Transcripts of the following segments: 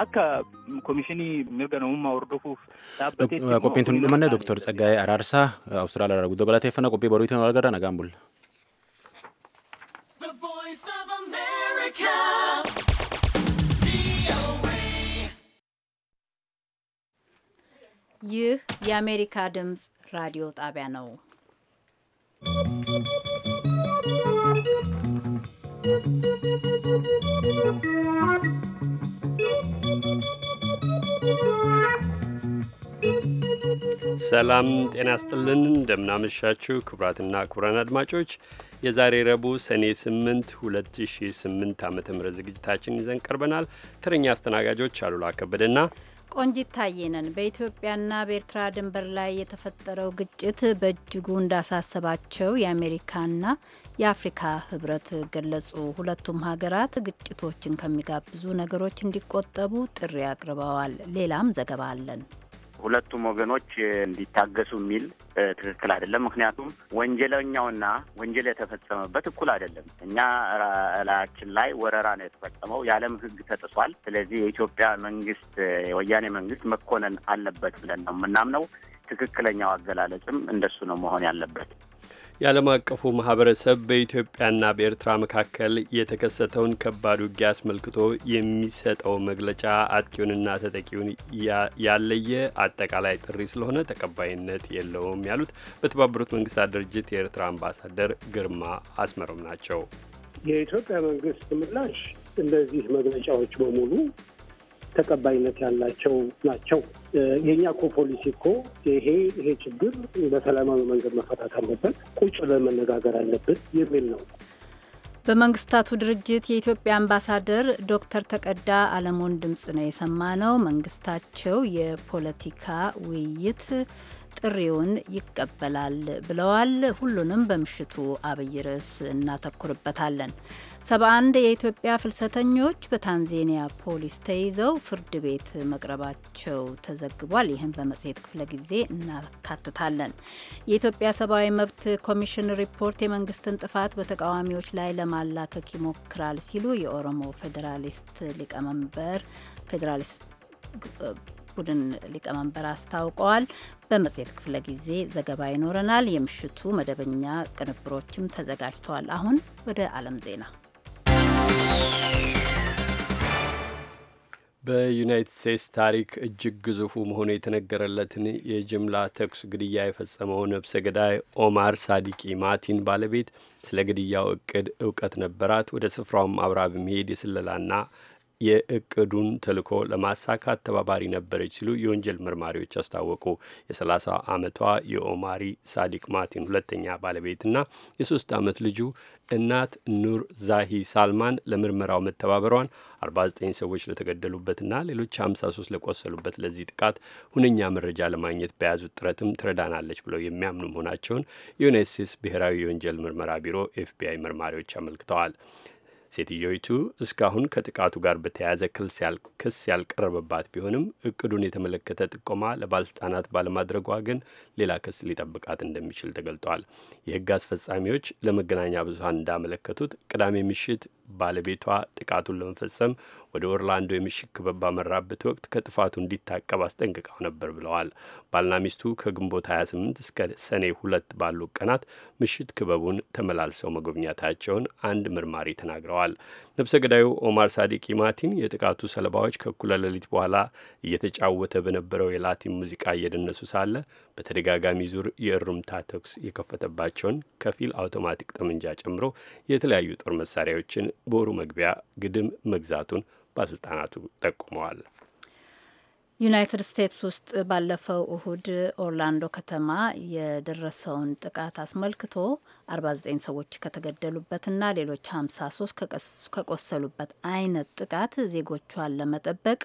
akka koomishinii mirga namummaa hordofuuf dhaabbatee qophiin tun dhumanne dooktar Tsaggaayee Araarsaa Awustiraaliyaa irraa guddoo galateeffannaa qophii baruu wal walgarra nagaan bulla. ይህ የአሜሪካ ድምፅ ራዲዮ ጣቢያ ነው። ¶¶ ሰላም ጤና ስጥልን። እንደምናመሻችሁ ክቡራትና ክቡራን አድማጮች የዛሬ ረቡዕ ሰኔ 8 2008 ዓ ም ዝግጅታችን ይዘን ቀርበናል። ተረኛ አስተናጋጆች አሉላ ከበደና ቆንጂት ታየነን። በኢትዮጵያና በኤርትራ ድንበር ላይ የተፈጠረው ግጭት በእጅጉ እንዳሳሰባቸው የአሜሪካና የአፍሪካ ህብረት ገለጹ። ሁለቱም ሀገራት ግጭቶችን ከሚጋብዙ ነገሮች እንዲቆጠቡ ጥሪ አቅርበዋል። ሌላም ዘገባ አለን። ሁለቱም ወገኖች እንዲታገሱ የሚል ትክክል አይደለም። ምክንያቱም ወንጀለኛውና ወንጀል የተፈጸመበት እኩል አይደለም። እኛ ላያችን ላይ ወረራ ነው የተፈጸመው፣ የዓለም ሕግ ተጥሷል። ስለዚህ የኢትዮጵያ መንግስት የወያኔ መንግስት መኮነን አለበት ብለን ነው የምናምነው። ትክክለኛው አገላለጽም እንደሱ ነው መሆን ያለበት። የዓለም አቀፉ ማህበረሰብ በኢትዮጵያና በኤርትራ መካከል የተከሰተውን ከባድ ውጊያ አስመልክቶ የሚሰጠው መግለጫ አጥቂውንና ተጠቂውን ያለየ አጠቃላይ ጥሪ ስለሆነ ተቀባይነት የለውም ያሉት በተባበሩት መንግስታት ድርጅት የኤርትራ አምባሳደር ግርማ አስመሮም ናቸው። የኢትዮጵያ መንግስት ምላሽ እነዚህ መግለጫዎች በሙሉ ተቀባይነት ያላቸው ናቸው። የእኛ እኮ ፖሊሲ እኮ ይሄ ይሄ ችግር በሰላማዊ መንገድ መፈታት አለበት ብለን መነጋገር አለብን የሚል ነው። በመንግስታቱ ድርጅት የኢትዮጵያ አምባሳደር ዶክተር ተቀዳ አለሞን ድምጽ ነው የሰማ ነው መንግስታቸው የፖለቲካ ውይይት ጥሪውን ይቀበላል ብለዋል። ሁሉንም በምሽቱ አብይ ርዕስ እናተኩርበታለን። 71 የኢትዮጵያ ፍልሰተኞች በታንዜኒያ ፖሊስ ተይዘው ፍርድ ቤት መቅረባቸው ተዘግቧል። ይህም በመጽሔት ክፍለ ጊዜ እናካትታለን። የኢትዮጵያ ሰብአዊ መብት ኮሚሽን ሪፖርት የመንግስትን ጥፋት በተቃዋሚዎች ላይ ለማላከክ ይሞክራል ሲሉ የኦሮሞ ፌዴራሊስት ሊቀመንበር ፌዴራሊስት ቡድን ሊቀመንበር አስታውቀዋል። በመጽሔት ክፍለ ጊዜ ዘገባ ይኖረናል። የምሽቱ መደበኛ ቅንብሮችም ተዘጋጅተዋል። አሁን ወደ ዓለም ዜና በዩናይትድ ስቴትስ ታሪክ እጅግ ግዙፉ መሆኑ የተነገረለትን የጅምላ ተኩስ ግድያ የፈጸመው ነብሰ ገዳይ ኦማር ሳዲቂ ማቲን ባለቤት ስለ ግድያው እቅድ እውቀት ነበራት። ወደ ስፍራውም አብራ በመሄድ የስለላና የእቅዱን ተልእኮ ለማሳካት ተባባሪ ነበረች ሲሉ የወንጀል መርማሪዎች አስታወቁ። የ30 ዓመቷ የኦማሪ ሳዲቅ ማቲን ሁለተኛ ባለቤትና የሶስት ዓመት ልጁ እናት ኑር ዛሂ ሳልማን ለምርመራው መተባበሯን 49 ሰዎች ለተገደሉበትና ሌሎች 53 ለቆሰሉበት ለዚህ ጥቃት ሁነኛ መረጃ ለማግኘት በያዙት ጥረትም ትረዳናለች ብለው የሚያምኑ መሆናቸውን የዩናይት ስቴትስ ብሔራዊ የወንጀል ምርመራ ቢሮ ኤፍቢአይ መርማሪዎች አመልክተዋል። ሴትዮይቱ እስካሁን ከጥቃቱ ጋር በተያያዘ ክስ ያልቀረበባት ቢሆንም እቅዱን የተመለከተ ጥቆማ ለባለስልጣናት ባለማድረጓ ግን ሌላ ክስ ሊጠብቃት እንደሚችል ተገልጧል። የህግ አስፈጻሚዎች ለመገናኛ ብዙሀን እንዳመለከቱት ቅዳሜ ምሽት ባለቤቷ ጥቃቱን ለመፈጸም ወደ ኦርላንዶ የምሽት ክበብ ባመራበት ወቅት ከጥፋቱ እንዲታቀብ አስጠንቅቀው ነበር ብለዋል። ባልና ሚስቱ ከግንቦት 28 እስከ ሰኔ ሁለት ባሉ ቀናት ምሽት ክበቡን ተመላልሰው መጎብኘታቸውን አንድ ምርማሪ ተናግረዋል። ነብሰ ገዳዩ ኦማር ሳዲቅ ማቲን የጥቃቱ ሰለባዎች ከእኩለ ሌሊት በኋላ እየተጫወተ በነበረው የላቲን ሙዚቃ እየደነሱ ሳለ በተደጋጋሚ ዙር የእሩምታ ተኩስ የከፈተባቸውን ከፊል አውቶማቲክ ጠመንጃ ጨምሮ የተለያዩ ጦር መሳሪያዎችን በወሩ መግቢያ ግድም መግዛቱን ባለስልጣናቱ ጠቁመዋል። ዩናይትድ ስቴትስ ውስጥ ባለፈው እሁድ ኦርላንዶ ከተማ የደረሰውን ጥቃት አስመልክቶ 49 ሰዎች ከተገደሉበትና ሌሎች 53 ከቆሰሉበት አይነት ጥቃት ዜጎቿን ለመጠበቅ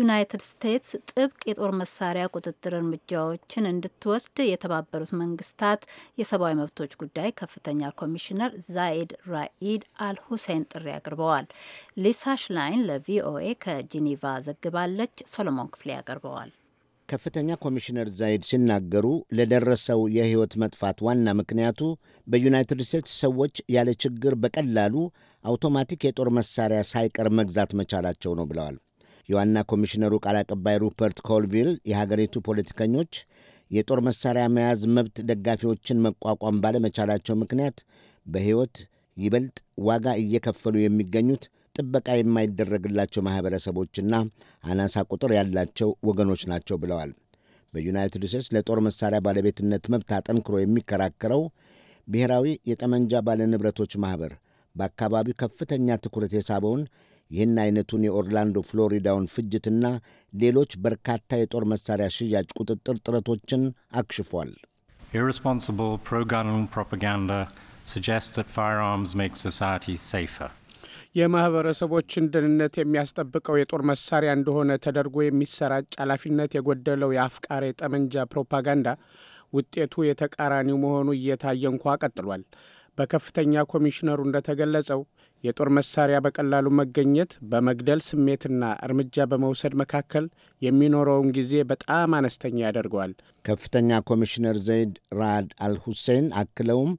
ዩናይትድ ስቴትስ ጥብቅ የጦር መሳሪያ ቁጥጥር እርምጃዎችን እንድትወስድ የተባበሩት መንግስታት የሰብአዊ መብቶች ጉዳይ ከፍተኛ ኮሚሽነር ዛይድ ራኢድ አልሁሴን ጥሪ አቅርበዋል። ሊሳ ሽላይን ለቪኦኤ ከጂኒቫ ዘግባለች። ሶሎሞን ክፍሌ ያቀርበዋል። ከፍተኛ ኮሚሽነር ዛይድ ሲናገሩ ለደረሰው የሕይወት መጥፋት ዋና ምክንያቱ በዩናይትድ ስቴትስ ሰዎች ያለ ችግር በቀላሉ አውቶማቲክ የጦር መሳሪያ ሳይቀር መግዛት መቻላቸው ነው ብለዋል። የዋና ኮሚሽነሩ ቃል አቀባይ ሩፐርት ኮልቪል የሀገሪቱ ፖለቲከኞች የጦር መሳሪያ መያዝ መብት ደጋፊዎችን መቋቋም ባለመቻላቸው ምክንያት በሕይወት ይበልጥ ዋጋ እየከፈሉ የሚገኙት ጥበቃ የማይደረግላቸው ማኅበረሰቦችና አናሳ ቁጥር ያላቸው ወገኖች ናቸው ብለዋል። በዩናይትድ ስቴትስ ለጦር መሳሪያ ባለቤትነት መብት አጠንክሮ የሚከራከረው ብሔራዊ የጠመንጃ ባለንብረቶች ማኅበር በአካባቢው ከፍተኛ ትኩረት የሳበውን ይህን አይነቱን የኦርላንዶ ፍሎሪዳውን ፍጅትና ሌሎች በርካታ የጦር መሳሪያ ሽያጭ ቁጥጥር ጥረቶችን አክሽፏል። ኢርሬስፖንሲብል ፕሮጋን ፕሮፓጋንዳ ስጀስት ፋየር ሜክ ሶሳይቲ ሴፈር የማህበረሰቦችን ደህንነት የሚያስጠብቀው የጦር መሳሪያ እንደሆነ ተደርጎ የሚሰራጭ ኃላፊነት የጎደለው የአፍቃሪ ጠመንጃ ፕሮፓጋንዳ ውጤቱ የተቃራኒው መሆኑ እየታየ እንኳ ቀጥሏል። በከፍተኛ ኮሚሽነሩ እንደተገለጸው የጦር መሳሪያ በቀላሉ መገኘት በመግደል ስሜትና እርምጃ በመውሰድ መካከል የሚኖረውን ጊዜ በጣም አነስተኛ ያደርገዋል። ከፍተኛ ኮሚሽነር ዘይድ ራድ አልሁሴን አክለውም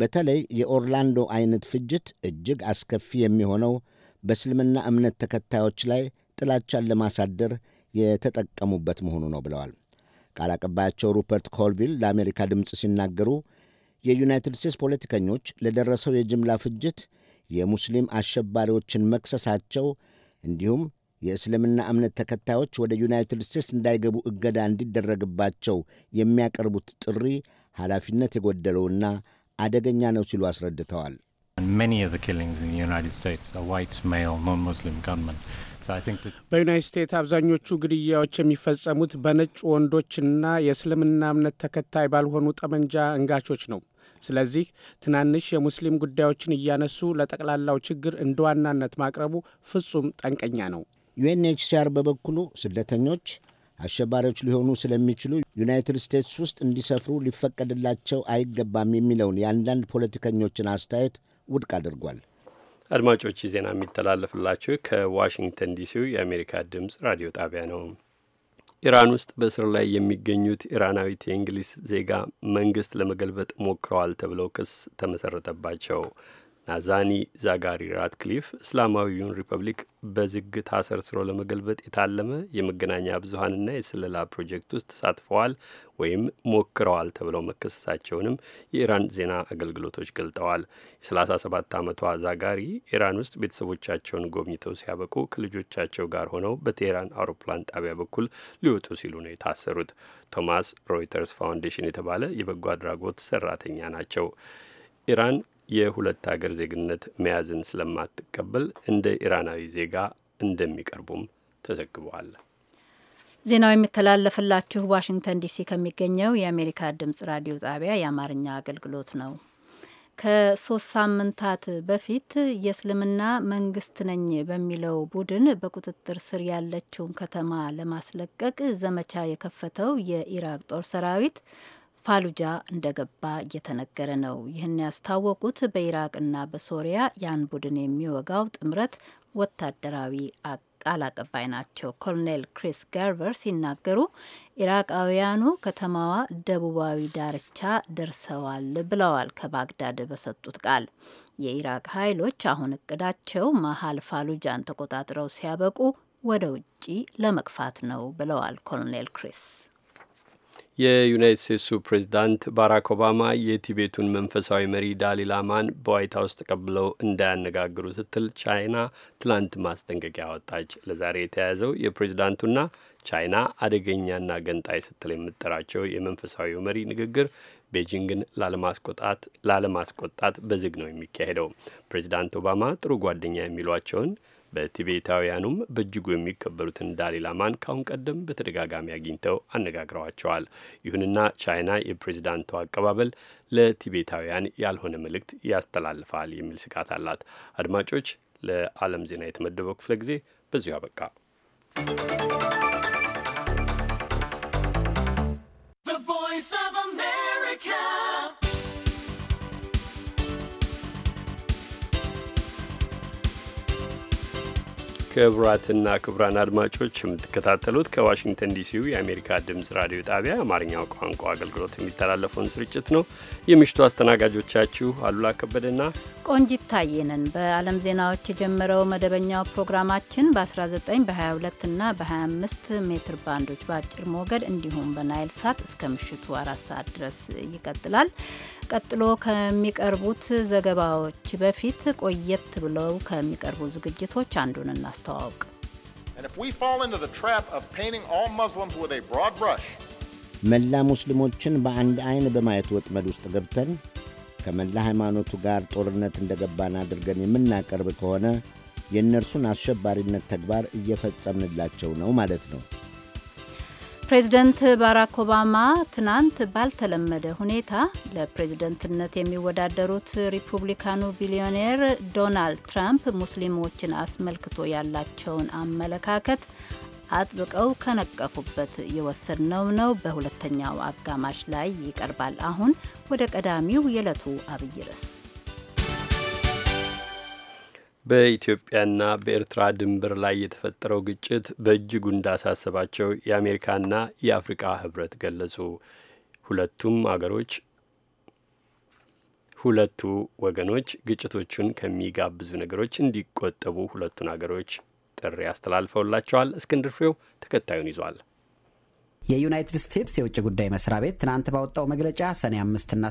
በተለይ የኦርላንዶ አይነት ፍጅት እጅግ አስከፊ የሚሆነው በእስልምና እምነት ተከታዮች ላይ ጥላቻን ለማሳደር የተጠቀሙበት መሆኑ ነው ብለዋል። ቃል አቀባያቸው ሩፐርት ኮልቪል ለአሜሪካ ድምፅ ሲናገሩ የዩናይትድ ስቴትስ ፖለቲከኞች ለደረሰው የጅምላ ፍጅት የሙስሊም አሸባሪዎችን መክሰሳቸው እንዲሁም የእስልምና እምነት ተከታዮች ወደ ዩናይትድ ስቴትስ እንዳይገቡ እገዳ እንዲደረግባቸው የሚያቀርቡት ጥሪ ኃላፊነት የጎደለውና አደገኛ ነው ሲሉ አስረድተዋል። በዩናይት ስቴትስ አብዛኞቹ ግድያዎች የሚፈጸሙት በነጭ ወንዶችና የእስልምና እምነት ተከታይ ባልሆኑ ጠመንጃ እንጋቾች ነው። ስለዚህ ትናንሽ የሙስሊም ጉዳዮችን እያነሱ ለጠቅላላው ችግር እንደ ዋናነት ማቅረቡ ፍጹም ጠንቀኛ ነው። ዩኤንኤችሲአር በበኩሉ ስደተኞች አሸባሪዎች ሊሆኑ ስለሚችሉ ዩናይትድ ስቴትስ ውስጥ እንዲሰፍሩ ሊፈቀድላቸው አይገባም የሚለውን የአንዳንድ ፖለቲከኞችን አስተያየት ውድቅ አድርጓል። አድማጮች ዜና የሚተላለፍላችሁ ከዋሽንግተን ዲሲው የአሜሪካ ድምፅ ራዲዮ ጣቢያ ነው። ኢራን ውስጥ በእስር ላይ የሚገኙት ኢራናዊት የእንግሊዝ ዜጋ መንግስት ለመገልበጥ ሞክረዋል ተብለው ክስ ተመሰረተባቸው። ናዛኒ ዛጋሪ ራትክሊፍ እስላማዊውን ሪፐብሊክ በዝግታ ሰርስሮ ለመገልበጥ የታለመ የመገናኛ ብዙሀንና የስለላ ፕሮጀክት ውስጥ ተሳትፈዋል ወይም ሞክረዋል ተብለው መከሰሳቸውንም የኢራን ዜና አገልግሎቶች ገልጠዋል የሰላሳ ሰባት ዓመቷ ዛጋሪ ኢራን ውስጥ ቤተሰቦቻቸውን ጎብኝተው ሲያበቁ ከልጆቻቸው ጋር ሆነው በቴህራን አውሮፕላን ጣቢያ በኩል ሊወጡ ሲሉ ነው የታሰሩት። ቶማስ ሮይተርስ ፋውንዴሽን የተባለ የበጎ አድራጎት ሰራተኛ ናቸው። ኢራን የሁለት ሀገር ዜግነት መያዝን ስለማትቀበል እንደ ኢራናዊ ዜጋ እንደሚቀርቡም ተዘግበዋል። ዜናው የሚተላለፍላችሁ ዋሽንግተን ዲሲ ከሚገኘው የአሜሪካ ድምጽ ራዲዮ ጣቢያ የአማርኛ አገልግሎት ነው። ከሶስት ሳምንታት በፊት የእስልምና መንግስት ነኝ በሚለው ቡድን በቁጥጥር ስር ያለችውን ከተማ ለማስለቀቅ ዘመቻ የከፈተው የኢራቅ ጦር ሰራዊት ፋሉጃ እንደገባ እየተነገረ ነው። ይህን ያስታወቁት በኢራቅና በሶሪያ ያን ቡድን የሚወጋው ጥምረት ወታደራዊ ቃል አቀባይ ናቸው። ኮሎኔል ክሪስ ጋርቨር ሲናገሩ ኢራቃውያኑ ከተማዋ ደቡባዊ ዳርቻ ደርሰዋል ብለዋል። ከባግዳድ በሰጡት ቃል የኢራቅ ኃይሎች አሁን እቅዳቸው መሀል ፋሉጃን ተቆጣጥረው ሲያበቁ ወደ ውጪ ለመግፋት ነው ብለዋል ኮሎኔል ክሪስ የዩናይት ስቴትሱ ፕሬዚዳንት ባራክ ኦባማ የቲቤቱን መንፈሳዊ መሪ ዳሊላማን ላማን በዋይት ሀውስ ተቀብለው እንዳያነጋግሩ ስትል ቻይና ትላንት ማስጠንቀቂያ አወጣች። ለዛሬ የተያያዘው የፕሬዚዳንቱና ቻይና አደገኛና ገንጣይ ስትል የምጠራቸው የመንፈሳዊው መሪ ንግግር ቤጂንግን ላለማስቆጣት በዝግ ነው የሚካሄደው። ፕሬዚዳንት ኦባማ ጥሩ ጓደኛ የሚሏቸውን በቲቤታውያኑም በእጅጉ የሚከበሩትን ዳላይ ላማን ካሁን ቀደም በተደጋጋሚ አግኝተው አነጋግረዋቸዋል። ይሁንና ቻይና የፕሬዚዳንቱ አቀባበል ለቲቤታውያን ያልሆነ መልእክት ያስተላልፋል የሚል ስጋት አላት። አድማጮች፣ ለዓለም ዜና የተመደበው ክፍለ ጊዜ በዚሁ አበቃ። ክቡራትና ክቡራን አድማጮች የምትከታተሉት ከዋሽንግተን ዲሲው የአሜሪካ ድምፅ ራዲዮ ጣቢያ አማርኛው ቋንቋ አገልግሎት የሚተላለፈውን ስርጭት ነው። የምሽቱ አስተናጋጆቻችሁ አሉላ ከበደና ቆንጂት ታየነን። በዓለም ዜናዎች የጀመረው መደበኛው ፕሮግራማችን በ19 በ22 እና በ25 ሜትር ባንዶች በአጭር ሞገድ እንዲሁም በናይል ሳት እስከ ምሽቱ አራት ሰዓት ድረስ ይቀጥላል። ቀጥሎ ከሚቀርቡት ዘገባዎች በፊት ቆየት ብለው ከሚቀርቡ ዝግጅቶች አንዱን እናስተዋውቅ። መላ ሙስሊሞችን በአንድ አይን በማየት ወጥመድ ውስጥ ገብተን ከመላ ሃይማኖቱ ጋር ጦርነት እንደገባን አድርገን የምናቀርብ ከሆነ የእነርሱን አሸባሪነት ተግባር እየፈጸምንላቸው ነው ማለት ነው። ፕሬዚደንት ባራክ ኦባማ ትናንት ባልተለመደ ሁኔታ ለፕሬዝደንትነት የሚወዳደሩት ሪፑብሊካኑ ቢሊዮኔር ዶናልድ ትራምፕ ሙስሊሞችን አስመልክቶ ያላቸውን አመለካከት አጥብቀው ከነቀፉበት የወሰድነው ነው። በሁለተኛው አጋማሽ ላይ ይቀርባል። አሁን ወደ ቀዳሚው የዕለቱ አብይ ርዕስ በኢትዮጵያና በኤርትራ ድንበር ላይ የተፈጠረው ግጭት በእጅጉ እንዳሳሰባቸው የአሜሪካና የአፍሪካ ህብረት ገለጹ። ሁለቱም አገሮች ሁለቱ ወገኖች ግጭቶቹን ከሚጋብዙ ነገሮች እንዲቆጠቡ ሁለቱን አገሮች ጥሪ አስተላልፈውላቸዋል። እስክንድር ፍሬው ተከታዩን ይዟል። የዩናይትድ ስቴትስ የውጭ ጉዳይ መስሪያ ቤት ትናንት ባወጣው መግለጫ ሰኔ 5ና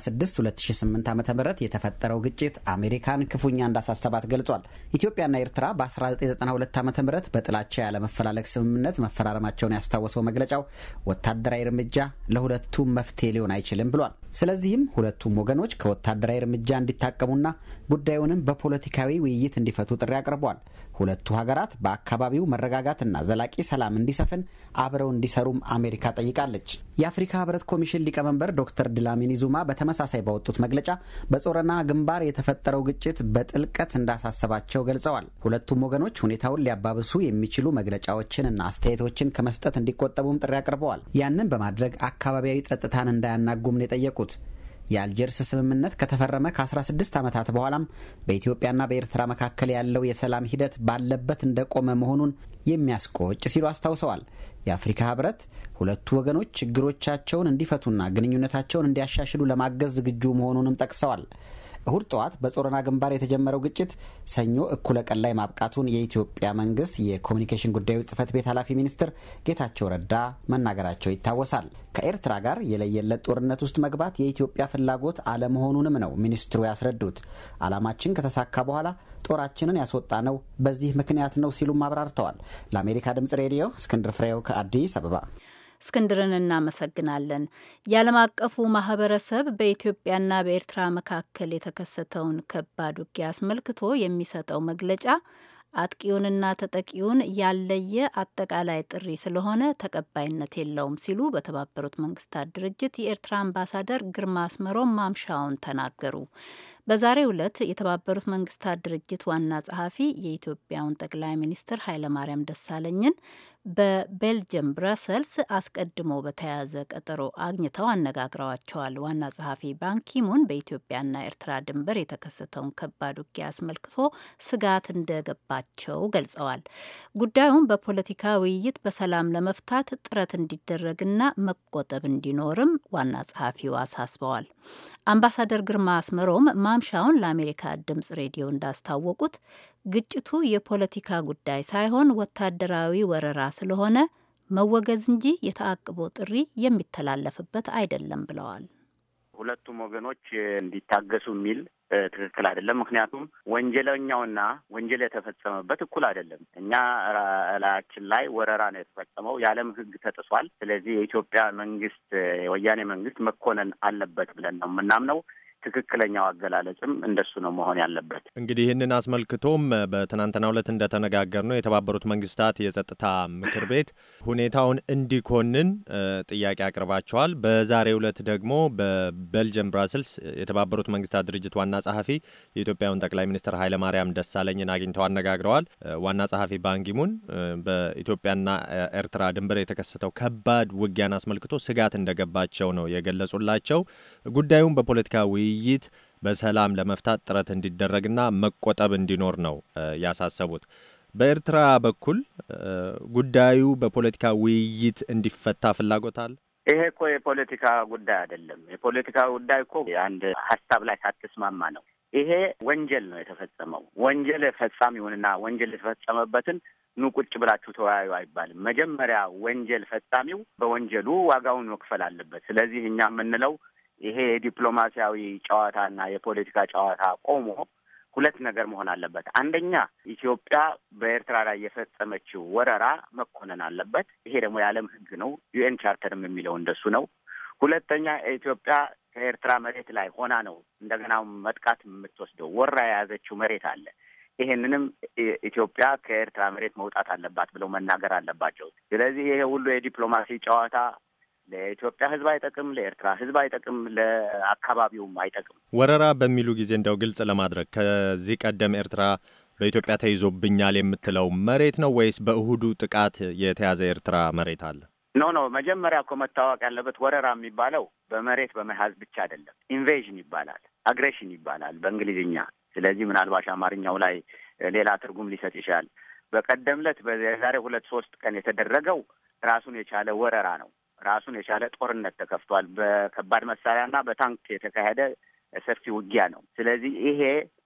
ሺ ስምንት ዓመተ ም የተፈጠረው ግጭት አሜሪካን ክፉኛ እንዳሳሰባት ገልጿል። ኢትዮጵያና ኤርትራ በ1992 ዓ ም በጥላቻ ያለመፈላለግ ስምምነት መፈራረማቸውን ያስታወሰው መግለጫው ወታደራዊ እርምጃ ለሁለቱም መፍትሄ ሊሆን አይችልም ብሏል። ስለዚህም ሁለቱም ወገኖች ከወታደራዊ እርምጃ እንዲታቀሙና ጉዳዩንም በፖለቲካዊ ውይይት እንዲፈቱ ጥሪ አቅርቧል። ሁለቱ ሀገራት በአካባቢው መረጋጋትና ዘላቂ ሰላም እንዲሰፍን አብረው እንዲሰሩም አሜሪካ ጠይቃለች። የአፍሪካ ህብረት ኮሚሽን ሊቀመንበር ዶክተር ድላሚኒ ዙማ በተመሳሳይ ባወጡት መግለጫ በጾረና ግንባር የተፈጠረው ግጭት በጥልቀት እንዳሳሰባቸው ገልጸዋል። ሁለቱም ወገኖች ሁኔታውን ሊያባብሱ የሚችሉ መግለጫዎችንና አስተያየቶችን ከመስጠት እንዲቆጠቡም ጥሪ አቅርበዋል። ያንን በማድረግ አካባቢያዊ ጸጥታን እንዳያናጉም ነው የጠየቁት። ያስታወቁት። የአልጀርስ ስምምነት ከተፈረመ ከ16 ዓመታት በኋላም በኢትዮጵያና በኤርትራ መካከል ያለው የሰላም ሂደት ባለበት እንደቆመ መሆኑን የሚያስቆጭ ሲሉ አስታውሰዋል። የአፍሪካ ህብረት ሁለቱ ወገኖች ችግሮቻቸውን እንዲፈቱና ግንኙነታቸውን እንዲያሻሽሉ ለማገዝ ዝግጁ መሆኑንም ጠቅሰዋል። እሁድ ጠዋት በጾረና ግንባር የተጀመረው ግጭት ሰኞ እኩለ ቀን ላይ ማብቃቱን የኢትዮጵያ መንግስት የኮሚኒኬሽን ጉዳዮች ጽህፈት ቤት ኃላፊ ሚኒስትር ጌታቸው ረዳ መናገራቸው ይታወሳል። ከኤርትራ ጋር የለየለት ጦርነት ውስጥ መግባት የኢትዮጵያ ፍላጎት አለመሆኑንም ነው ሚኒስትሩ ያስረዱት። አላማችን ከተሳካ በኋላ ጦራችንን ያስወጣ ነው በዚህ ምክንያት ነው ሲሉም አብራርተዋል። ለአሜሪካ ድምጽ ሬዲዮ እስክንድር ፍሬው ከአዲስ አበባ እስክንድርን እናመሰግናለን። የዓለም አቀፉ ማህበረሰብ በኢትዮጵያና በኤርትራ መካከል የተከሰተውን ከባድ ውጊያ አስመልክቶ የሚሰጠው መግለጫ አጥቂውንና ተጠቂውን ያለየ አጠቃላይ ጥሪ ስለሆነ ተቀባይነት የለውም ሲሉ በተባበሩት መንግስታት ድርጅት የኤርትራ አምባሳደር ግርማ አስመሮ ማምሻውን ተናገሩ። በዛሬው ዕለት የተባበሩት መንግስታት ድርጅት ዋና ጸሐፊ የኢትዮጵያውን ጠቅላይ ሚኒስትር ኃይለማርያም ደሳለኝን በቤልጅየም ብራሰልስ አስቀድሞ በተያያዘ ቀጠሮ አግኝተው አነጋግረዋቸዋል። ዋና ጸሐፊ ባንኪሙን በኢትዮጵያና ኤርትራ ድንበር የተከሰተውን ከባድ ውጊያ አስመልክቶ ስጋት እንደገባቸው ገልጸዋል። ጉዳዩን በፖለቲካ ውይይት በሰላም ለመፍታት ጥረት እንዲደረግና መቆጠብ እንዲኖርም ዋና ጸሐፊው አሳስበዋል። አምባሳደር ግርማ አስመሮም ማምሻውን ለአሜሪካ ድምጽ ሬዲዮ እንዳስታወቁት ግጭቱ የፖለቲካ ጉዳይ ሳይሆን ወታደራዊ ወረራ ስለሆነ መወገዝ እንጂ የተአቅቦ ጥሪ የሚተላለፍበት አይደለም ብለዋል። ሁለቱም ወገኖች እንዲታገሱ የሚል ትክክል አይደለም። ምክንያቱም ወንጀለኛውና ወንጀል የተፈጸመበት እኩል አይደለም። እኛ ላያችን ላይ ወረራ ነው የተፈጸመው፣ የዓለም ሕግ ተጥሷል። ስለዚህ የኢትዮጵያ መንግስት፣ የወያኔ መንግስት መኮነን አለበት ብለን ነው የምናምነው። ትክክለኛው አገላለጽም እንደሱ ነው መሆን ያለበት። እንግዲህ ይህንን አስመልክቶም በትናንትና ዕለት እንደተነጋገር ነው የተባበሩት መንግስታት የጸጥታ ምክር ቤት ሁኔታውን እንዲኮንን ጥያቄ አቅርባቸዋል። በዛሬ ዕለት ደግሞ በቤልጅየም ብራስልስ የተባበሩት መንግስታት ድርጅት ዋና ጸሐፊ የኢትዮጵያውን ጠቅላይ ሚኒስትር ኃይለማርያም ደሳለኝን አግኝተው አነጋግረዋል። ዋና ጸሐፊ ባንኪሙን በኢትዮጵያና ኤርትራ ድንበር የተከሰተው ከባድ ውጊያን አስመልክቶ ስጋት እንደገባቸው ነው የገለጹላቸው። ጉዳዩን በፖለቲካ ውይይ ውይይት በሰላም ለመፍታት ጥረት እንዲደረግና መቆጠብ እንዲኖር ነው ያሳሰቡት። በኤርትራ በኩል ጉዳዩ በፖለቲካ ውይይት እንዲፈታ ፍላጎት አለ። ይሄ እኮ የፖለቲካ ጉዳይ አይደለም። የፖለቲካ ጉዳይ እኮ አንድ ሀሳብ ላይ ሳትስማማ ነው። ይሄ ወንጀል ነው የተፈጸመው። ወንጀል ፈጻሚውንና ወንጀል የተፈጸመበትን ኑ ቁጭ ብላችሁ ተወያዩ አይባልም። መጀመሪያ ወንጀል ፈጻሚው በወንጀሉ ዋጋውን መክፈል አለበት። ስለዚህ እኛ የምንለው ይሄ የዲፕሎማሲያዊ ጨዋታና የፖለቲካ ጨዋታ ቆሞ ሁለት ነገር መሆን አለበት። አንደኛ ኢትዮጵያ በኤርትራ ላይ የፈጸመችው ወረራ መኮነን አለበት። ይሄ ደግሞ የዓለም ሕግ ነው። ዩኤን ቻርተርም የሚለው እንደሱ ነው። ሁለተኛ ኢትዮጵያ ከኤርትራ መሬት ላይ ሆና ነው እንደገና መጥቃት የምትወስደው። ወራ የያዘችው መሬት አለ። ይሄንንም ኢትዮጵያ ከኤርትራ መሬት መውጣት አለባት ብለው መናገር አለባቸው። ስለዚህ ይሄ ሁሉ የዲፕሎማሲ ጨዋታ ለኢትዮጵያ ሕዝብ አይጠቅም፣ ለኤርትራ ሕዝብ አይጠቅም፣ ለአካባቢውም አይጠቅም። ወረራ በሚሉ ጊዜ እንደው ግልጽ ለማድረግ ከዚህ ቀደም ኤርትራ በኢትዮጵያ ተይዞብኛል የምትለው መሬት ነው ወይስ በእሁዱ ጥቃት የተያዘ ኤርትራ መሬት አለ? ኖ ኖ መጀመሪያ እኮ መታወቅ ያለበት ወረራ የሚባለው በመሬት በመያዝ ብቻ አይደለም። ኢንቬዥን ይባላል፣ አግሬሽን ይባላል በእንግሊዝኛ። ስለዚህ ምናልባሽ አማርኛው ላይ ሌላ ትርጉም ሊሰጥ ይችላል። በቀደም ዕለት የዛሬ ሁለት ሶስት ቀን የተደረገው ራሱን የቻለ ወረራ ነው። ራሱን የቻለ ጦርነት ተከፍቷል። በከባድ መሳሪያና በታንክ የተካሄደ ሰፊ ውጊያ ነው። ስለዚህ ይሄ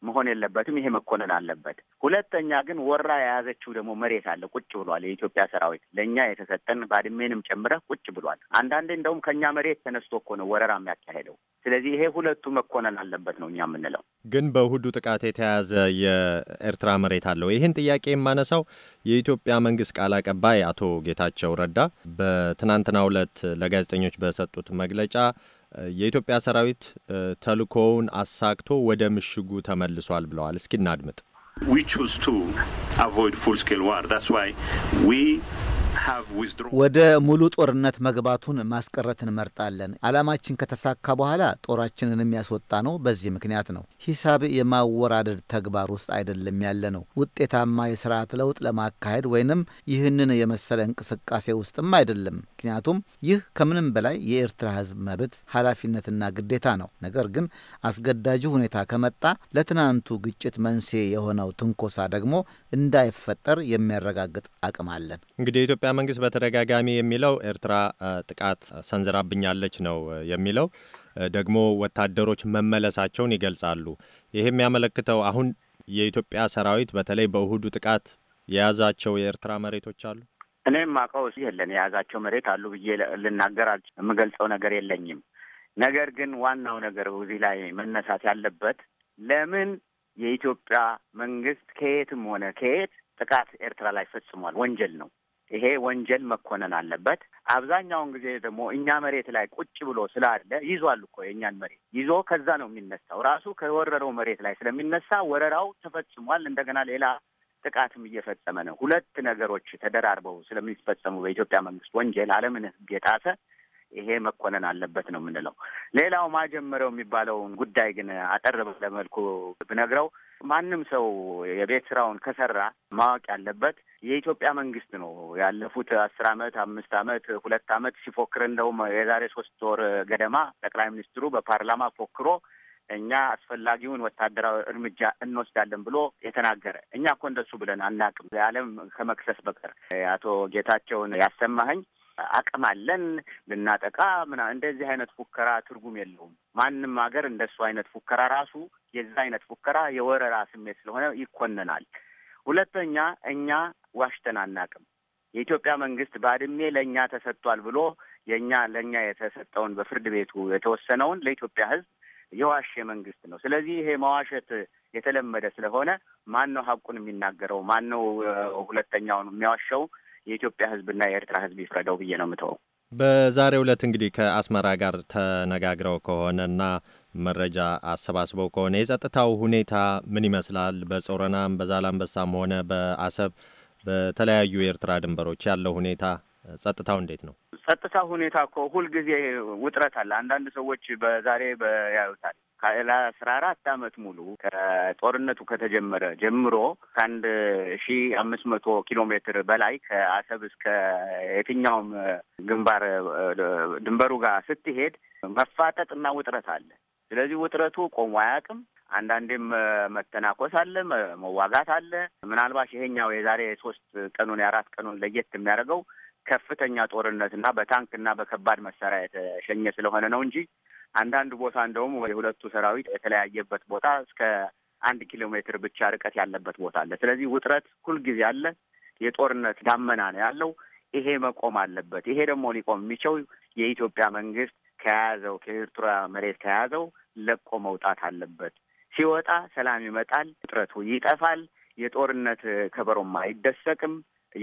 መሆን የለበትም። ይሄ መኮነን አለበት። ሁለተኛ ግን ወራ የያዘችው ደግሞ መሬት አለ ቁጭ ብሏል። የኢትዮጵያ ሰራዊት ለእኛ የተሰጠን ባድሜንም ጨምረህ ቁጭ ብሏል። አንዳንዴ እንደውም ከእኛ መሬት ተነስቶ እኮ ነው ወረራ የሚያካሄደው። ስለዚህ ይሄ ሁለቱ መኮነን አለበት ነው እኛ የምንለው። ግን በእሁዱ ጥቃት የተያዘ የኤርትራ መሬት አለው። ይህን ጥያቄ የማነሳው የኢትዮጵያ መንግስት ቃል አቀባይ አቶ ጌታቸው ረዳ በትናንትናው ዕለት ለጋዜጠኞች በሰጡት መግለጫ የኢትዮጵያ ሰራዊት ተልእኮውን አሳክቶ ወደ ምሽጉ ተመልሷል ብለዋል። እስኪ እናድምጥ። We choose to avoid full-scale war. That's why we ወደ ሙሉ ጦርነት መግባቱን ማስቀረት እንመርጣለን። ዓላማችን ከተሳካ በኋላ ጦራችንን የሚያስወጣ ነው። በዚህ ምክንያት ነው ሂሳብ የማወራደድ ተግባር ውስጥ አይደለም ያለ ነው። ውጤታማ የስርዓት ለውጥ ለማካሄድ ወይንም ይህንን የመሰለ እንቅስቃሴ ውስጥም አይደለም። ምክንያቱም ይህ ከምንም በላይ የኤርትራ ሕዝብ መብት ኃላፊነትና ግዴታ ነው። ነገር ግን አስገዳጅ ሁኔታ ከመጣ ለትናንቱ ግጭት መንስኤ የሆነው ትንኮሳ ደግሞ እንዳይፈጠር የሚያረጋግጥ አቅም አለን። የኢትዮጵያ መንግስት በተደጋጋሚ የሚለው ኤርትራ ጥቃት ሰንዝራብኛለች ነው የሚለው ደግሞ ወታደሮች መመለሳቸውን ይገልጻሉ። ይህ የሚያመለክተው አሁን የኢትዮጵያ ሰራዊት በተለይ በእሁዱ ጥቃት የያዛቸው የኤርትራ መሬቶች አሉ። እኔም አውቀው የለን የያዛቸው መሬት አሉ ብዬ ልናገር የምገልጸው ነገር የለኝም። ነገር ግን ዋናው ነገር እዚህ ላይ መነሳት ያለበት ለምን የኢትዮጵያ መንግስት ከየትም ሆነ ከየት ጥቃት ኤርትራ ላይ ፈጽሟል፣ ወንጀል ነው። ይሄ ወንጀል መኮነን አለበት። አብዛኛውን ጊዜ ደግሞ እኛ መሬት ላይ ቁጭ ብሎ ስላለ ይዟል እኮ የእኛን መሬት ይዞ ከዛ ነው የሚነሳው። ራሱ ከወረረው መሬት ላይ ስለሚነሳ ወረራው ተፈጽሟል። እንደገና ሌላ ጥቃትም እየፈጸመ ነው። ሁለት ነገሮች ተደራርበው ስለሚፈጸሙ በኢትዮጵያ መንግስት ወንጀል ዓለምን ሕግ የጣሰ ይሄ መኮነን አለበት ነው የምንለው። ሌላው ማጀመሪያው የሚባለውን ጉዳይ ግን አጠር ባለ መልኩ ብነግረው ማንም ሰው የቤት ስራውን ከሰራ ማወቅ ያለበት የኢትዮጵያ መንግስት ነው። ያለፉት አስር አመት አምስት አመት ሁለት አመት ሲፎክር እንደውም የዛሬ ሶስት ወር ገደማ ጠቅላይ ሚኒስትሩ በፓርላማ ፎክሮ እኛ አስፈላጊውን ወታደራዊ እርምጃ እንወስዳለን ብሎ የተናገረ እኛ እኮ እንደሱ ብለን አናቅም። የዓለም ከመክሰስ በቀር አቶ ጌታቸውን ያሰማኸኝ አቅም አለን ልናጠቃ ምና እንደዚህ አይነት ፉከራ ትርጉም የለውም። ማንም ሀገር እንደሱ አይነት ፉከራ ራሱ የዛ አይነት ፉከራ የወረራ ስሜት ስለሆነ ይኮነናል። ሁለተኛ እኛ ዋሽተን አናቅም። የኢትዮጵያ መንግስት ባድሜ ለእኛ ተሰጥቷል ብሎ የእኛ ለእኛ የተሰጠውን በፍርድ ቤቱ የተወሰነውን ለኢትዮጵያ ህዝብ የዋሸ መንግስት ነው። ስለዚህ ይሄ መዋሸት የተለመደ ስለሆነ ማን ነው ሀቁን የሚናገረው? ማን ነው ሁለተኛውን የሚያዋሸው? የኢትዮጵያ ህዝብና የኤርትራ ህዝብ ይፍረደው ብዬ ነው የምተወው። በዛሬው ዕለት እንግዲህ ከአስመራ ጋር ተነጋግረው ከሆነና መረጃ አሰባስበው ከሆነ የጸጥታው ሁኔታ ምን ይመስላል? በጾረናም በዛላንበሳም ሆነ በአሰብ በተለያዩ የኤርትራ ድንበሮች ያለው ሁኔታ ጸጥታው እንዴት ነው? ጸጥታ ሁኔታ እኮ ሁልጊዜ ውጥረት አለ። አንዳንድ ሰዎች በዛሬ ያዩታል፣ ከአስራ አራት አመት ሙሉ ከጦርነቱ ከተጀመረ ጀምሮ ከአንድ ሺ አምስት መቶ ኪሎ ሜትር በላይ ከአሰብ እስከ የትኛውም ግንባር ድንበሩ ጋር ስትሄድ መፋጠጥ እና ውጥረት አለ። ስለዚህ ውጥረቱ ቆሞ አያውቅም። አንዳንዴም መተናኮስ አለ፣ መዋጋት አለ። ምናልባት ይሄኛው የዛሬ ሶስት ቀኑን የአራት ቀኑን ለየት የሚያደርገው ከፍተኛ ጦርነት እና በታንክ እና በከባድ መሳሪያ የተሸኘ ስለሆነ ነው እንጂ አንዳንድ ቦታ እንደውም የሁለቱ ሰራዊት የተለያየበት ቦታ እስከ አንድ ኪሎ ሜትር ብቻ ርቀት ያለበት ቦታ አለ። ስለዚህ ውጥረት ሁልጊዜ አለ። የጦርነት ዳመና ነው ያለው። ይሄ መቆም አለበት። ይሄ ደግሞ ሊቆም የሚችለው የኢትዮጵያ መንግስት ከያዘው ከኤርትራ መሬት ከያዘው ለቆ መውጣት አለበት። ሲወጣ ሰላም ይመጣል፣ ውጥረቱ ይጠፋል፣ የጦርነት ከበሮም አይደሰቅም።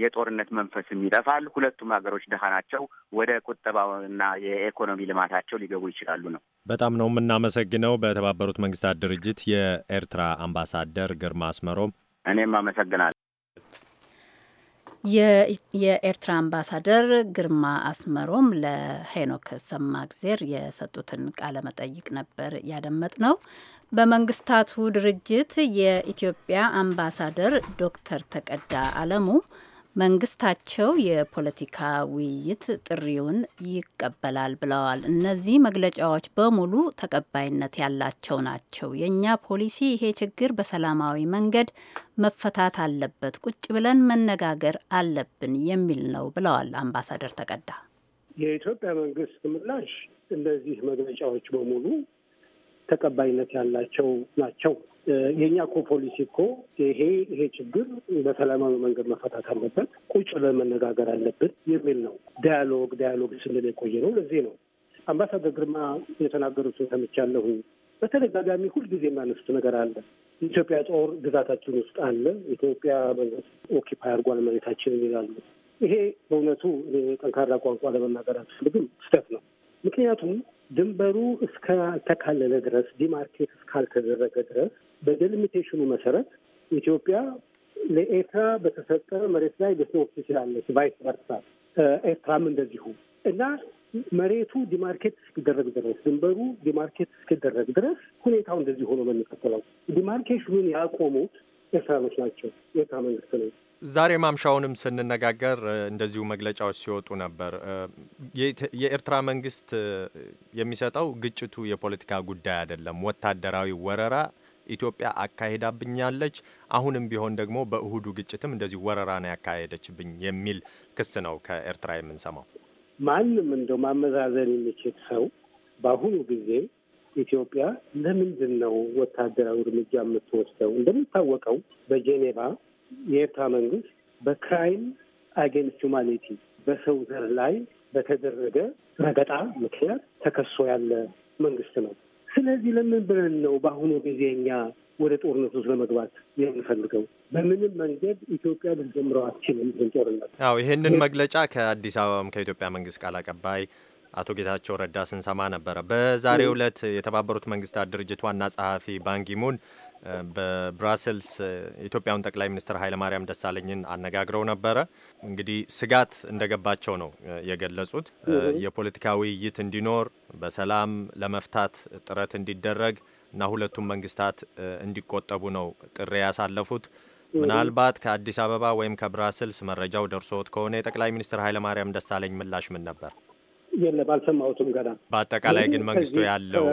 የጦርነት መንፈስም ይጠፋል። ሁለቱም ሀገሮች ድሀ ናቸው። ወደ ቁጠባና የኢኮኖሚ ልማታቸው ሊገቡ ይችላሉ ነው። በጣም ነው የምናመሰግነው። በተባበሩት መንግስታት ድርጅት የኤርትራ አምባሳደር ግርማ አስመሮም፣ እኔም አመሰግናለሁ። የኤርትራ አምባሳደር ግርማ አስመሮም ለሄኖክ ሰማግዜር የሰጡትን ቃለ መጠይቅ ነበር ያደመጥ ነው። በመንግስታቱ ድርጅት የኢትዮጵያ አምባሳደር ዶክተር ተቀዳ አለሙ መንግስታቸው የፖለቲካ ውይይት ጥሪውን ይቀበላል ብለዋል። እነዚህ መግለጫዎች በሙሉ ተቀባይነት ያላቸው ናቸው። የእኛ ፖሊሲ ይሄ ችግር በሰላማዊ መንገድ መፈታት አለበት፣ ቁጭ ብለን መነጋገር አለብን የሚል ነው ብለዋል አምባሳደር ተቀዳ። የኢትዮጵያ መንግስት ምላሽ እነዚህ መግለጫዎች በሙሉ ተቀባይነት ያላቸው ናቸው የእኛ ኮ ፖሊሲ እኮ ይሄ ይሄ ችግር በሰላማዊ መንገድ መፈታት አለበት፣ ቁጭ ብለን መነጋገር አለብን የሚል ነው። ዳያሎግ ዳያሎግ ስንል የቆየ ነው። ለዚህ ነው አምባሳደር ግርማ የተናገሩትን ሰምቻለሁ። በተደጋጋሚ ሁልጊዜ የሚያነሱት ነገር አለ። የኢትዮጵያ ጦር ግዛታችን ውስጥ አለ፣ ኢትዮጵያ መንግስት ኦኪፓይ አድርጓል መሬታችንን ይላሉ። ይሄ በእውነቱ ጠንካራ ቋንቋ ለመናገር አልፈልግም፣ ስህተት ነው። ምክንያቱም ድንበሩ እስካልተካለለ ድረስ ዲማርኬት እስካልተደረገ ድረስ በደሊሚቴሽኑ መሰረት ኢትዮጵያ ለኤርትራ በተሰጠ መሬት ላይ ልትኖር ትችላለች፣ ቫይስ ቨርሳ ኤርትራም እንደዚሁ እና መሬቱ ዲማርኬት እስኪደረግ ድረስ ድንበሩ ዲማርኬት እስኪደረግ ድረስ ሁኔታው እንደዚህ ሆኖ ነው የሚቀጥለው። ዲማርኬሽኑን ያቆሙት ኤርትራኖች ናቸው፣ የኤርትራ መንግስት ነው። ዛሬ ማምሻውንም ስንነጋገር እንደዚሁ መግለጫዎች ሲወጡ ነበር። የኤርትራ መንግስት የሚሰጠው ግጭቱ የፖለቲካ ጉዳይ አይደለም፣ ወታደራዊ ወረራ ኢትዮጵያ አካሂዳብኛለች፣ አሁንም ቢሆን ደግሞ በእሁዱ ግጭትም እንደዚሁ ወረራ ነው ያካሄደችብኝ የሚል ክስ ነው ከኤርትራ የምንሰማው። ማንም እንደው ማመዛዘን የሚችል ሰው በአሁኑ ጊዜ ኢትዮጵያ ለምንድን ነው ወታደራዊ እርምጃ የምትወስደው? እንደሚታወቀው በጄኔቫ የኤርትራ መንግስት በክራይም አጌንስት ሁማኒቲ በሰው ዘር ላይ በተደረገ ረገጣ ምክንያት ተከሶ ያለ መንግስት ነው። ስለዚህ ለምን ብለን ነው በአሁኑ ጊዜ እኛ ወደ ጦርነት ውስጥ ለመግባት የምንፈልገው? በምንም መንገድ ኢትዮጵያ ልትጀምረው አትችልም ጦርነት። አዎ ይህንን መግለጫ ከአዲስ አበባም ከኢትዮጵያ መንግስት ቃል አቀባይ አቶ ጌታቸው ረዳ ስንሰማ ነበረ። በዛሬው ዕለት የተባበሩት መንግስታት ድርጅት ዋና ጸሐፊ ባንኪሙን በብራሰልስ የኢትዮጵያውን ጠቅላይ ሚኒስትር ኃይለማርያም ደሳለኝን አነጋግረው ነበረ። እንግዲህ ስጋት እንደገባቸው ነው የገለጹት። የፖለቲካ ውይይት እንዲኖር በሰላም ለመፍታት ጥረት እንዲደረግ እና ሁለቱም መንግስታት እንዲቆጠቡ ነው ጥሪ ያሳለፉት። ምናልባት ከአዲስ አበባ ወይም ከብራሰልስ መረጃው ደርሶት ከሆነ የጠቅላይ ሚኒስትር ኃይለማርያም ደሳለኝ ምላሽ ምን ነበር? የለም አልሰማሁትም ገና። በአጠቃላይ ግን መንግስቱ ያለው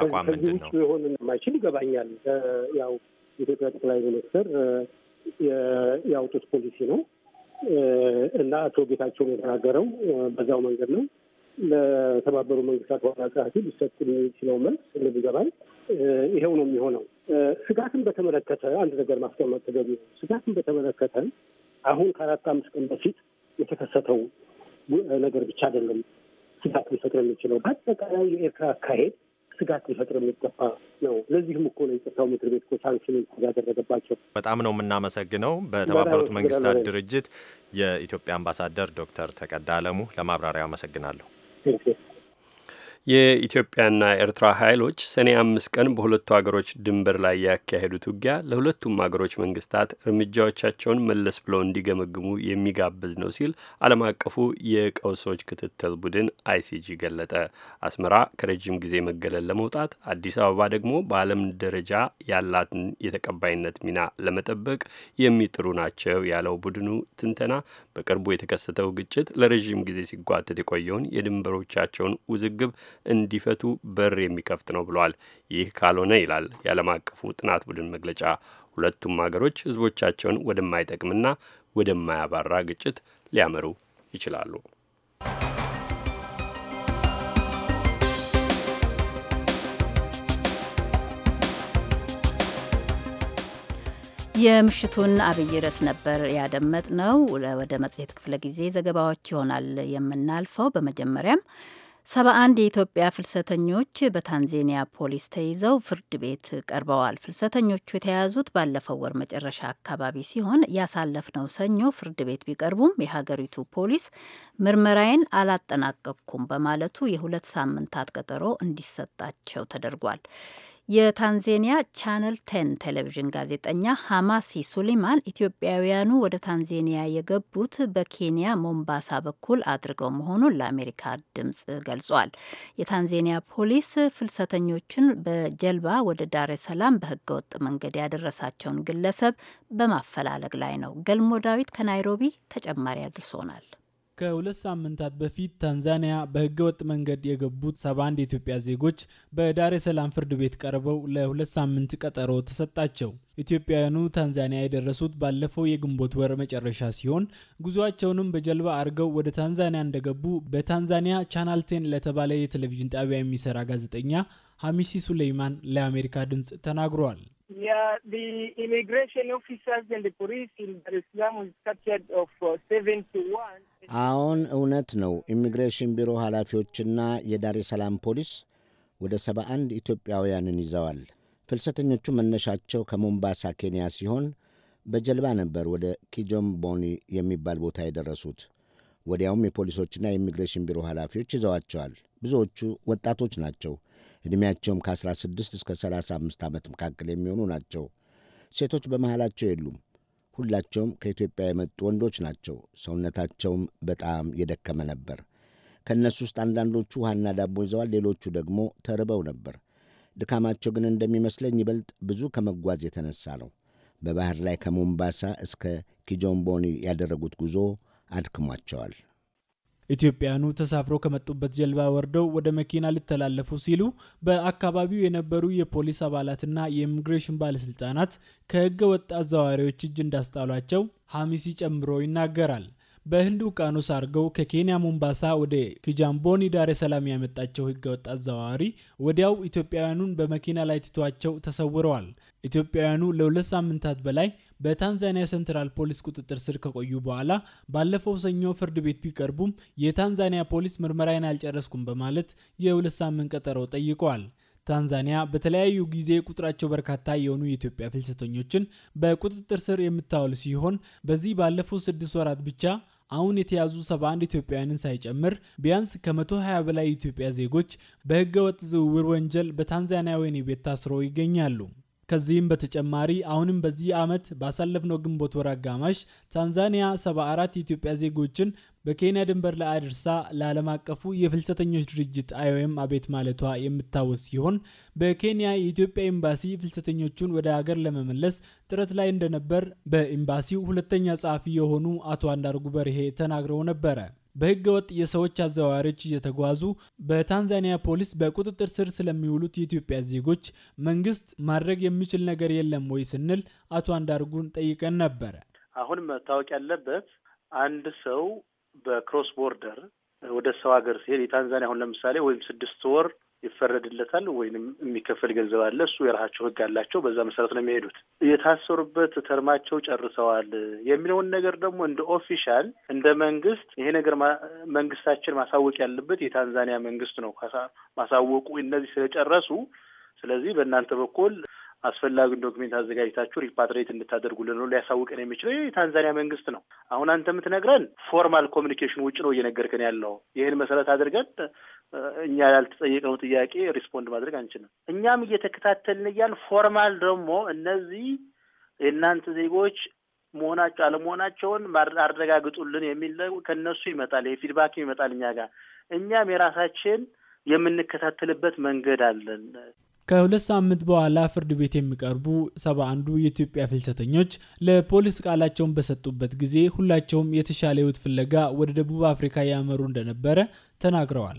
አቋም ምንድን ነው? ሊሆን የማይችል ይገባኛል። ያው የኢትዮጵያ ጠቅላይ ሚኒስትር ያወጡት ፖሊሲ ነው እና አቶ ጌታቸውን የተናገረው በዛው መንገድ ነው። ለተባበሩ መንግስታት ዋና ጸሐፊ ሊሰጥ የሚችለው መልስ ልብገባል ይኸው ነው የሚሆነው። ስጋትን በተመለከተ አንድ ነገር ማስቀመጥ ተገቢ ነው። ስጋትን በተመለከተ አሁን ከአራት አምስት ቀን በፊት የተከሰተው ነገር ብቻ አይደለም። ስጋት ሊፈጥር የሚችለው በአጠቃላይ የኤርትራ አካሄድ ስጋት ሊፈጥር የሚገባ ነው። ለዚህም እኮ ነው የጸጥታው ምክር ቤት እኮ ሳንክሽን ያደረገባቸው። በጣም ነው የምናመሰግነው። በተባበሩት መንግስታት ድርጅት የኢትዮጵያ አምባሳደር ዶክተር ተቀዳ አለሙ ለማብራሪያ አመሰግናለሁ። የኢትዮጵያና ኤርትራ ኃይሎች ሰኔ አምስት ቀን በሁለቱ ሀገሮች ድንበር ላይ ያካሄዱት ውጊያ ለሁለቱም ሀገሮች መንግስታት እርምጃዎቻቸውን መለስ ብለው እንዲገመግሙ የሚጋብዝ ነው ሲል ዓለም አቀፉ የቀውሶች ክትትል ቡድን አይሲጂ ገለጠ። አስመራ ከረጅም ጊዜ መገለል ለመውጣት፣ አዲስ አበባ ደግሞ በዓለም ደረጃ ያላትን የተቀባይነት ሚና ለመጠበቅ የሚጥሩ ናቸው ያለው ቡድኑ ትንተና በቅርቡ የተከሰተው ግጭት ለረዥም ጊዜ ሲጓተት የቆየውን የድንበሮቻቸውን ውዝግብ እንዲፈቱ በር የሚከፍት ነው ብሏል። ይህ ካልሆነ ይላል የዓለም አቀፉ ጥናት ቡድን መግለጫ፣ ሁለቱም ሀገሮች ህዝቦቻቸውን ወደማይጠቅምና ወደማያባራ ግጭት ሊያመሩ ይችላሉ። የምሽቱን አብይ ርዕስ ነበር ያደመጥ ነው። ወደ መጽሔት ክፍለ ጊዜ ዘገባዎች ይሆናል የምናልፈው። በመጀመሪያም 71 የኢትዮጵያ ፍልሰተኞች በታንዜኒያ ፖሊስ ተይዘው ፍርድ ቤት ቀርበዋል። ፍልሰተኞቹ የተያዙት ባለፈው ወር መጨረሻ አካባቢ ሲሆን ያሳለፍነው ሰኞ ፍርድ ቤት ቢቀርቡም የሀገሪቱ ፖሊስ ምርመራዬን አላጠናቀቅኩም በማለቱ የሁለት ሳምንታት ቀጠሮ እንዲሰጣቸው ተደርጓል። የታንዜኒያ ቻነል ቴን ቴሌቪዥን ጋዜጠኛ ሃማሲ ሱሊማን ኢትዮጵያውያኑ ወደ ታንዜኒያ የገቡት በኬንያ ሞምባሳ በኩል አድርገው መሆኑን ለአሜሪካ ድምጽ ገልጿል። የታንዜኒያ ፖሊስ ፍልሰተኞችን በጀልባ ወደ ዳሬ ሰላም በህገወጥ መንገድ ያደረሳቸውን ግለሰብ በማፈላለግ ላይ ነው። ገልሞ ዳዊት ከናይሮቢ ተጨማሪ አድርሶናል። ከሁለት ሳምንታት በፊት ታንዛኒያ በህገ ወጥ መንገድ የገቡት 71 የኢትዮጵያ ዜጎች በዳሬ ሰላም ፍርድ ቤት ቀርበው ለሁለት ሳምንት ቀጠሮ ተሰጣቸው። ኢትዮጵያውያኑ ታንዛኒያ የደረሱት ባለፈው የግንቦት ወር መጨረሻ ሲሆን ጉዞአቸውንም በጀልባ አድርገው ወደ ታንዛኒያ እንደገቡ በታንዛኒያ ቻናል ቴን ለተባለ የቴሌቪዥን ጣቢያ የሚሰራ ጋዜጠኛ ሀሚሲ ሱሌይማን ለአሜሪካ ድምፅ ተናግረዋል። Yeah, the immigration officers and the police in Dar es Salaam is captured of uh, seven to one. አሁን እውነት ነው። ኢሚግሬሽን ቢሮ ኃላፊዎችና የዳሬ ሰላም ፖሊስ ወደ 71 ኢትዮጵያውያንን ይዘዋል። ፍልሰተኞቹ መነሻቸው ከሞምባሳ ኬንያ ሲሆን በጀልባ ነበር ወደ ኪጆም ቦኒ የሚባል ቦታ የደረሱት። ወዲያውም የፖሊሶችና የኢሚግሬሽን ቢሮ ኃላፊዎች ይዘዋቸዋል። ብዙዎቹ ወጣቶች ናቸው። ዕድሜያቸውም ከ16 እስከ 35 ዓመት መካከል የሚሆኑ ናቸው። ሴቶች በመሃላቸው የሉም። ሁላቸውም ከኢትዮጵያ የመጡ ወንዶች ናቸው። ሰውነታቸውም በጣም የደከመ ነበር። ከእነሱ ውስጥ አንዳንዶቹ ውሃና ዳቦ ይዘዋል፣ ሌሎቹ ደግሞ ተርበው ነበር። ድካማቸው ግን እንደሚመስለኝ ይበልጥ ብዙ ከመጓዝ የተነሳ ነው። በባህር ላይ ከሞምባሳ እስከ ኪጆምቦኒ ያደረጉት ጉዞ አድክሟቸዋል። ኢትዮጵያኑ ተሳፍረው ከመጡበት ጀልባ ወርደው ወደ መኪና ሊተላለፉ ሲሉ በአካባቢው የነበሩ የፖሊስ አባላትና የኢሚግሬሽን ባለስልጣናት ከህገ ወጥ አዘዋዋሪዎች እጅ እንዳስጣሏቸው ሐሚሲ ጨምሮ ይናገራል። በህንድ ውቅያኖስ አድርገው ከኬንያ ሞምባሳ ወደ ኪጃምቦኒ ዳሬ ሰላም ያመጣቸው ህገወጥ አዘዋዋሪ ወዲያው ኢትዮጵያውያኑን በመኪና ላይ ትቷቸው ተሰውረዋል። ኢትዮጵያውያኑ ለሁለት ሳምንታት በላይ በታንዛኒያ ሴንትራል ፖሊስ ቁጥጥር ስር ከቆዩ በኋላ ባለፈው ሰኞ ፍርድ ቤት ቢቀርቡም የታንዛኒያ ፖሊስ ምርመራዬን አልጨረስኩም በማለት የሁለት ሳምንት ቀጠሮ ጠይቀዋል። ታንዛኒያ በተለያዩ ጊዜ ቁጥራቸው በርካታ የሆኑ የኢትዮጵያ ፍልሰተኞችን በቁጥጥር ስር የምታውል ሲሆን በዚህ ባለፉት ስድስት ወራት ብቻ አሁን የተያዙ 71 ኢትዮጵያውያንን ሳይጨምር ቢያንስ ከ120 በላይ የኢትዮጵያ ዜጎች በህገወጥ ዝውውር ወንጀል በታንዛኒያ ወህኒ ቤት ታስረው ይገኛሉ። ከዚህም በተጨማሪ አሁንም በዚህ ዓመት ባሳለፍነው ግንቦት ወር አጋማሽ ታንዛኒያ 74 የኢትዮጵያ ዜጎችን በኬንያ ድንበር ላይ አድርሳ ለዓለም አቀፉ የፍልሰተኞች ድርጅት አይኦኤም አቤት ማለቷ የምታወስ ሲሆን በኬንያ የኢትዮጵያ ኤምባሲ ፍልሰተኞቹን ወደ ሀገር ለመመለስ ጥረት ላይ እንደነበር በኤምባሲው ሁለተኛ ጸሐፊ የሆኑ አቶ አንዳርጉ በርሄ ተናግረው ነበረ። በህገ ወጥ የሰዎች አዘዋዋሪዎች እየተጓዙ በታንዛኒያ ፖሊስ በቁጥጥር ስር ስለሚውሉት የኢትዮጵያ ዜጎች መንግስት ማድረግ የሚችል ነገር የለም ወይ ስንል አቶ አንዳርጉን ጠይቀን ነበረ። አሁን መታወቅ ያለበት አንድ ሰው በክሮስ ቦርደር ወደ ሰው ሀገር ሲሄድ የታንዛኒያ አሁን ለምሳሌ ወይም ስድስት ወር ይፈረድለታል ወይንም የሚከፈል ገንዘብ አለ። እሱ የራሳቸው ህግ አላቸው። በዛ መሰረት ነው የሚሄዱት። የታሰሩበት ተርማቸው ጨርሰዋል የሚለውን ነገር ደግሞ እንደ ኦፊሻል እንደ መንግስት ይሄ ነገር መንግስታችን ማሳወቅ ያለበት የታንዛኒያ መንግስት ነው ማሳወቁ። እነዚህ ስለጨረሱ ስለዚህ በእናንተ በኩል አስፈላጊውን ዶክሜንት አዘጋጅታችሁ ሪፓትሬት እንድታደርጉልን ነው ሊያሳውቀን የሚችለው የታንዛኒያ መንግስት ነው። አሁን አንተ የምትነግረን ፎርማል ኮሚኒኬሽን ውጭ ነው እየነገርከን ያለው። ይህን መሰረት አድርገን እኛ ያልተጠየቀው ጥያቄ ሪስፖንድ ማድረግ አንችልም። እኛም እየተከታተልን እያል ፎርማል ደግሞ እነዚህ የእናንተ ዜጎች መሆናቸው አለመሆናቸውን አረጋግጡልን የሚል ከእነሱ ይመጣል፣ የፊድባክ ይመጣል እኛ ጋር። እኛም የራሳችን የምንከታተልበት መንገድ አለን። ከሁለት ሳምንት በኋላ ፍርድ ቤት የሚቀርቡ ሰባ አንዱ የኢትዮጵያ ፍልሰተኞች ለፖሊስ ቃላቸውን በሰጡበት ጊዜ ሁላቸውም የተሻለ ሕይወት ፍለጋ ወደ ደቡብ አፍሪካ ያመሩ እንደነበረ ተናግረዋል።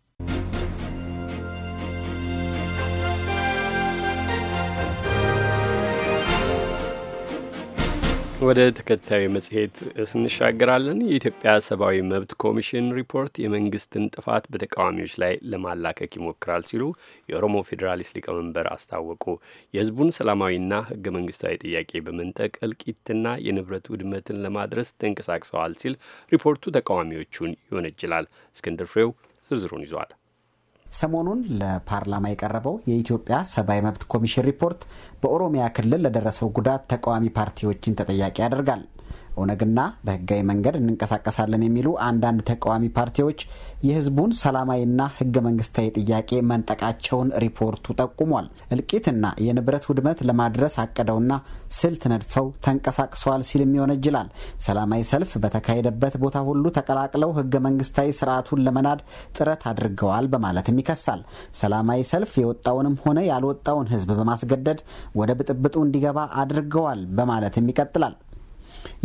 ወደ ተከታዩ መጽሔት ስንሻገራለን። የኢትዮጵያ ሰብአዊ መብት ኮሚሽን ሪፖርት የመንግስትን ጥፋት በተቃዋሚዎች ላይ ለማላከክ ይሞክራል ሲሉ የኦሮሞ ፌዴራሊስት ሊቀመንበር አስታወቁ። የህዝቡን ሰላማዊና ህገ መንግስታዊ ጥያቄ በመንጠቅ እልቂትና የንብረት ውድመትን ለማድረስ ተንቀሳቅሰዋል ሲል ሪፖርቱ ተቃዋሚዎቹን ይወነጅላል። እስክንድር ፍሬው ዝርዝሩን ይዟል። ሰሞኑን ለፓርላማ የቀረበው የኢትዮጵያ ሰብአዊ መብት ኮሚሽን ሪፖርት በኦሮሚያ ክልል ለደረሰው ጉዳት ተቃዋሚ ፓርቲዎችን ተጠያቂ ያደርጋል። ኦነግና በህጋዊ መንገድ እንንቀሳቀሳለን የሚሉ አንዳንድ ተቃዋሚ ፓርቲዎች የህዝቡን ሰላማዊና ህገ መንግስታዊ ጥያቄ መንጠቃቸውን ሪፖርቱ ጠቁሟል። እልቂትና የንብረት ውድመት ለማድረስ አቅደውና ስልት ነድፈው ተንቀሳቅሰዋል ሲልም ይወነጅላል። ሰላማዊ ሰልፍ በተካሄደበት ቦታ ሁሉ ተቀላቅለው ህገ መንግስታዊ ስርዓቱን ለመናድ ጥረት አድርገዋል በማለትም ይከሳል። ሰላማዊ ሰልፍ የወጣውንም ሆነ ያልወጣውን ህዝብ በማስገደድ ወደ ብጥብጡ እንዲገባ አድርገዋል በማለትም ይቀጥላል።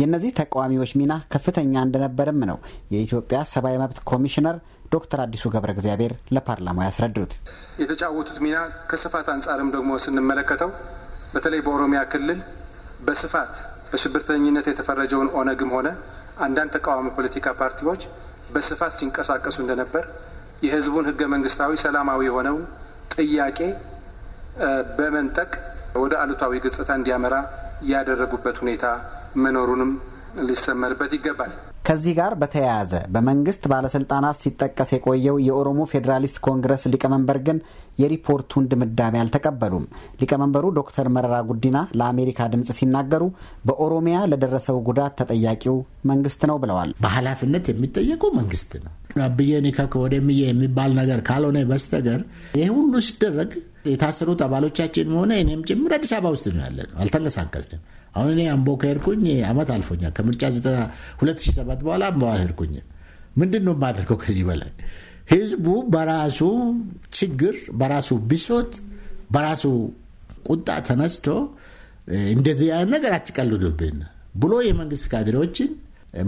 የእነዚህ ተቃዋሚዎች ሚና ከፍተኛ እንደነበርም ነው የኢትዮጵያ ሰብአዊ መብት ኮሚሽነር ዶክተር አዲሱ ገብረ እግዚአብሔር ለፓርላማው ያስረዱት። የተጫወቱት ሚና ከስፋት አንጻርም ደግሞ ስንመለከተው በተለይ በኦሮሚያ ክልል በስፋት በሽብርተኝነት የተፈረጀውን ኦነግም ሆነ አንዳንድ ተቃዋሚ ፖለቲካ ፓርቲዎች በስፋት ሲንቀሳቀሱ እንደነበር የህዝቡን ህገ መንግስታዊ ሰላማዊ የሆነው ጥያቄ በመንጠቅ ወደ አሉታዊ ገጽታ እንዲያመራ ያደረጉበት ሁኔታ መኖሩንም ሊሰመርበት ይገባል። ከዚህ ጋር በተያያዘ በመንግስት ባለስልጣናት ሲጠቀስ የቆየው የኦሮሞ ፌዴራሊስት ኮንግረስ ሊቀመንበር ግን የሪፖርቱን ድምዳሜ አልተቀበሉም። ሊቀመንበሩ ዶክተር መረራ ጉዲና ለአሜሪካ ድምፅ ሲናገሩ በኦሮሚያ ለደረሰው ጉዳት ተጠያቂው መንግስት ነው ብለዋል። በኃላፊነት የሚጠየቀው መንግስት ነው። አብዬ ኒከክ ወደ የሚባል ነገር ካልሆነ በስተገር ይህ ሁሉ ሲደረግ የታሰሩት አባሎቻችን ሆነ እኔም ጭምር አዲስ አበባ ውስጥ ነው ያለ ነው። አልተንቀሳቀስንም። አሁን እኔ አምቦ ከሄድኩኝ አመት አልፎኛል። ከምርጫ 2007 በኋላ አምቦ አልሄድኩኝም። ምንድን ነው የማደርገው ከዚህ በላይ? ህዝቡ በራሱ ችግር፣ በራሱ ብሶት፣ በራሱ ቁጣ ተነስቶ እንደዚህ አይነት ነገር አትቀልዱብን ብሎ የመንግስት ካድሬዎችን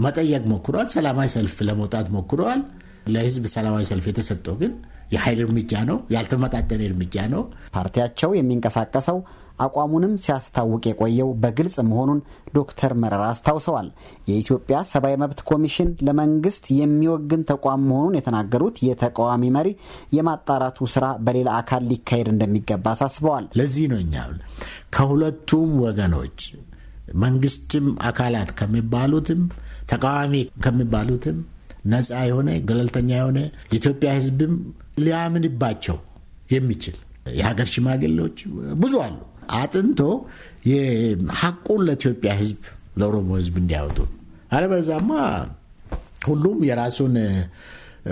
መጠየቅ ሞክረዋል። ሰላማዊ ሰልፍ ለመውጣት ሞክረዋል። ለህዝብ ሰላማዊ ሰልፍ የተሰጠው ግን የኃይል እርምጃ ነው፣ ያልተመጣጠነ እርምጃ ነው። ፓርቲያቸው የሚንቀሳቀሰው አቋሙንም ሲያስታውቅ የቆየው በግልጽ መሆኑን ዶክተር መረራ አስታውሰዋል። የኢትዮጵያ ሰብአዊ መብት ኮሚሽን ለመንግስት የሚወግን ተቋም መሆኑን የተናገሩት የተቃዋሚ መሪ የማጣራቱ ስራ በሌላ አካል ሊካሄድ እንደሚገባ አሳስበዋል። ለዚህ ነው እኛ ከሁለቱም ወገኖች መንግስትም አካላት ከሚባሉትም ተቃዋሚ ከሚባሉትም ነፃ የሆነ ገለልተኛ የሆነ የኢትዮጵያ ሕዝብም ሊያምንባቸው የሚችል የሀገር ሽማግሌዎች ብዙ አሉ። አጥንቶ ሀቁን ለኢትዮጵያ ህዝብ ለኦሮሞ ህዝብ እንዲያወጡ አለበዛማ ሁሉም የራሱን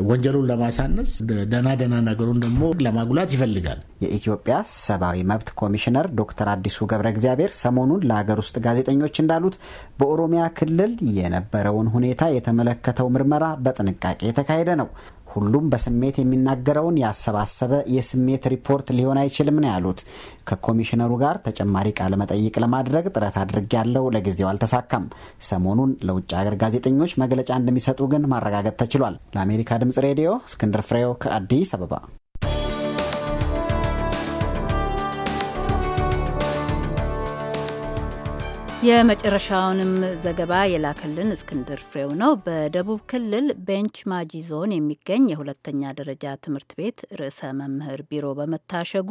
ወንጀሉን ለማሳነስ ደና ደና ነገሩን ደግሞ ለማጉላት ይፈልጋል። የኢትዮጵያ ሰብአዊ መብት ኮሚሽነር ዶክተር አዲሱ ገብረ እግዚአብሔር ሰሞኑን ለሀገር ውስጥ ጋዜጠኞች እንዳሉት በኦሮሚያ ክልል የነበረውን ሁኔታ የተመለከተው ምርመራ በጥንቃቄ የተካሄደ ነው። ሁሉም በስሜት የሚናገረውን ያሰባሰበ የስሜት ሪፖርት ሊሆን አይችልም ነው ያሉት። ከኮሚሽነሩ ጋር ተጨማሪ ቃለ መጠይቅ ለማድረግ ጥረት አድርግ ያለው ለጊዜው አልተሳካም። ሰሞኑን ለውጭ ሀገር ጋዜጠኞች መግለጫ እንደሚሰጡ ግን ማረጋገጥ ተችሏል። ለአሜሪካ ድምጽ ሬዲዮ እስክንድር ፍሬው ከአዲስ አበባ የመጨረሻውንም ዘገባ የላከልን እስክንድር ፍሬው ነው። በደቡብ ክልል ቤንች ማጂ ዞን የሚገኝ የሁለተኛ ደረጃ ትምህርት ቤት ርዕሰ መምህር ቢሮ በመታሸጉ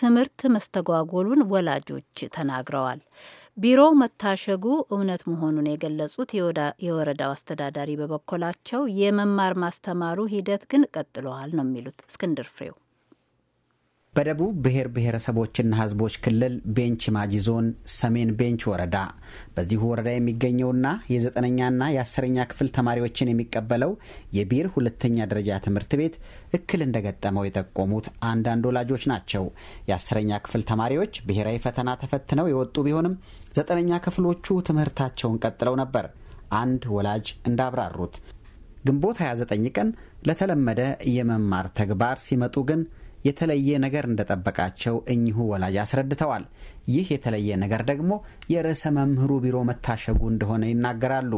ትምህርት መስተጓጎሉን ወላጆች ተናግረዋል። ቢሮው መታሸጉ እውነት መሆኑን የገለጹት የወረዳው አስተዳዳሪ በበኩላቸው የመማር ማስተማሩ ሂደት ግን ቀጥለዋል ነው የሚሉት እስክንድር ፍሬው በደቡብ ብሔር ብሔረሰቦችና ሕዝቦች ክልል ቤንች ማጂ ዞን ሰሜን ቤንች ወረዳ በዚሁ ወረዳ የሚገኘውና የዘጠነኛና የአስረኛ ክፍል ተማሪዎችን የሚቀበለው የቢር ሁለተኛ ደረጃ ትምህርት ቤት እክል እንደገጠመው የጠቆሙት አንዳንድ ወላጆች ናቸው። የአስረኛ ክፍል ተማሪዎች ብሔራዊ ፈተና ተፈትነው የወጡ ቢሆንም ዘጠነኛ ክፍሎቹ ትምህርታቸውን ቀጥለው ነበር። አንድ ወላጅ እንዳብራሩት ግንቦት 29 ቀን ለተለመደ የመማር ተግባር ሲመጡ ግን የተለየ ነገር እንደጠበቃቸው እኚሁ ወላጅ አስረድተዋል። ይህ የተለየ ነገር ደግሞ የርዕሰ መምህሩ ቢሮ መታሸጉ እንደሆነ ይናገራሉ።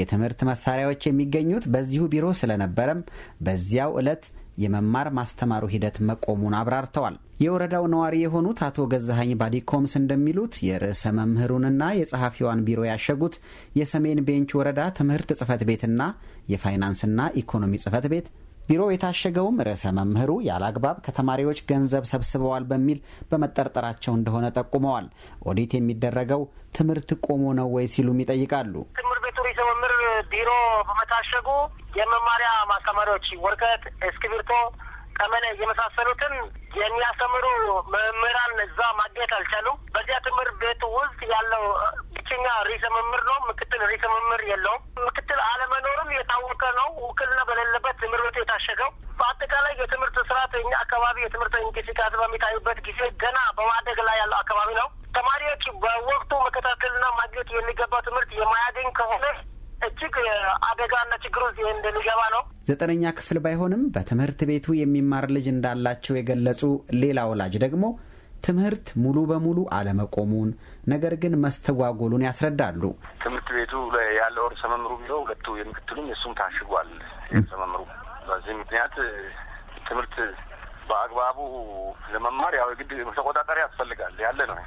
የትምህርት መሳሪያዎች የሚገኙት በዚሁ ቢሮ ስለነበረም በዚያው ዕለት የመማር ማስተማሩ ሂደት መቆሙን አብራርተዋል። የወረዳው ነዋሪ የሆኑት አቶ ገዛሀኝ ባዲኮምስ እንደሚሉት የርዕሰ መምህሩንና የጸሐፊዋን ቢሮ ያሸጉት የሰሜን ቤንች ወረዳ ትምህርት ጽህፈት ቤትና የፋይናንስና ኢኮኖሚ ጽፈት ቤት ቢሮው የታሸገውም ርዕሰ መምህሩ ያለአግባብ ከተማሪዎች ገንዘብ ሰብስበዋል በሚል በመጠርጠራቸው እንደሆነ ጠቁመዋል። ኦዲት የሚደረገው ትምህርት ቆሞ ነው ወይ ሲሉም ይጠይቃሉ። ትምህርት ቤቱ ርዕሰ መምህር ቢሮ በመታሸጉ የመማሪያ ማስተማሪዎች ወረቀት፣ እስክሪብቶ ጠመኔ የመሳሰሉትን የሚያስተምሩ መምህራን እዛ ማግኘት አልቻሉም። በዚያ ትምህርት ቤቱ ውስጥ ያለው ብቸኛ ርዕሰ መምህር ነው። ምክትል ርዕሰ መምህር የለውም። ምክትል አለመኖርም የታወቀ ነው። ውክልና በሌለበት ትምህርት ቤቱ የታሸገው። በአጠቃላይ የትምህርት ስርዓት እኛ አካባቢ የትምህርት እንቅስቃሴ በሚታዩበት ጊዜ ገና በማደግ ላይ ያለው አካባቢ ነው። ተማሪዎች በወቅቱ መከታተልና ማግኘት የሚገባ ትምህርት የማያገኝ ከሆነ እጅግ አደጋና ችግሩ ውስጥ እንደሚገባ ነው። ዘጠነኛ ክፍል ባይሆንም በትምህርት ቤቱ የሚማር ልጅ እንዳላቸው የገለጹ ሌላ ወላጅ ደግሞ ትምህርት ሙሉ በሙሉ አለመቆሙን ነገር ግን መስተጓጎሉን ያስረዳሉ። ትምህርት ቤቱ ያለው ርዕሰ መምህሩ ቢሮ ሁለቱ የምክትሉም የእሱም ታሽጓል። ርዕሰ መምህሩ በዚህ ምክንያት ትምህርት በአግባቡ ለመማር ያው ግድ ተቆጣጣሪ ያስፈልጋል ያለ ነው።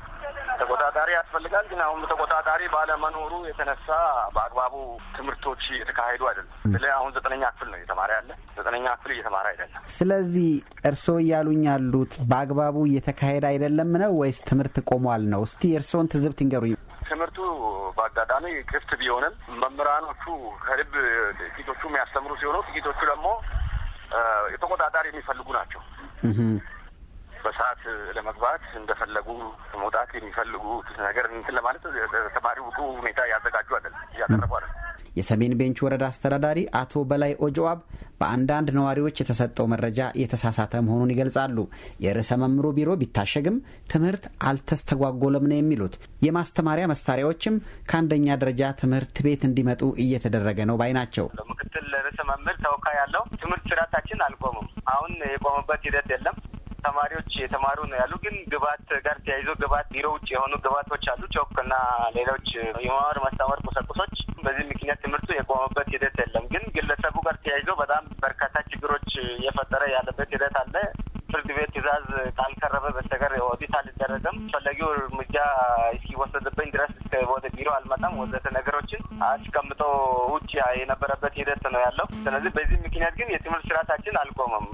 ተቆጣጣሪ ያስፈልጋል። ግን አሁን ተቆጣጣሪ ባለመኖሩ የተነሳ በአግባቡ ትምህርቶች የተካሄዱ አይደለም። ስለ አሁን ዘጠነኛ ክፍል ነው እየተማረ ያለ፣ ዘጠነኛ ክፍል እየተማረ አይደለም። ስለዚህ እርስዎ እያሉኝ ያሉት በአግባቡ እየተካሄደ አይደለም ነው ወይስ ትምህርት ቆሟል ነው? እስቲ እርስዎን ትዝብት ይንገሩኝ። ትምህርቱ በአጋጣሚ ክፍት ቢሆንም መምህራኖቹ ከልብ ጥቂቶቹ የሚያስተምሩ ሲሆኑ ጥቂቶቹ ደግሞ የተቆጣጣሪ የሚፈልጉ ናቸው። በሰዓት ለመግባት እንደፈለጉ መውጣት የሚፈልጉት ነገር እንትን ለማለት ተማሪ ብቁ ሁኔታ ያዘጋጁ አይደል እያቀረቡ አይደል የሰሜን ቤንች ወረዳ አስተዳዳሪ አቶ በላይ ኦጆዋብ በአንዳንድ ነዋሪዎች የተሰጠው መረጃ የተሳሳተ መሆኑን ይገልጻሉ። የርዕሰ መምሩ ቢሮ ቢታሸግም ትምህርት አልተስተጓጎለም ነው የሚሉት። የማስተማሪያ መሳሪያዎችም ከአንደኛ ደረጃ ትምህርት ቤት እንዲመጡ እየተደረገ ነው ባይ ናቸው። ምክትል ርዕሰ መምህር ተወካይ ያለው ትምህርት ስርዓታችን አልቆምም። አሁን የቆመበት ሂደት የለም ተማሪዎች የተማሩ ነው ያሉ ግን ግባት ጋር ተያይዞ ግባት ቢሮ ውጭ የሆኑ ግባቶች አሉ። ቾክ እና ሌሎች የመማር ማስተማር ቁሳቁሶች። በዚህ ምክንያት ትምህርቱ የቆመበት ሂደት የለም። ግን ግለሰቡ ጋር ተያይዞ በጣም በርካታ ችግሮች እየፈጠረ ያለበት ሂደት አለ። ፍርድ ቤት ትዕዛዝ ካልቀረበ በስተቀር ኦዲት አልደረገም። ፈለጊው እርምጃ እስኪወሰድብኝ ድረስ እስከ ወደ ቢሮ አልመጣም ወዘተ ነገሮችን አስቀምጠው ውጭ የነበረበት ሂደት ነው ያለው። ስለዚህ በዚህ ምክንያት ግን የትምህርት ስርዓታችን አልቆመም።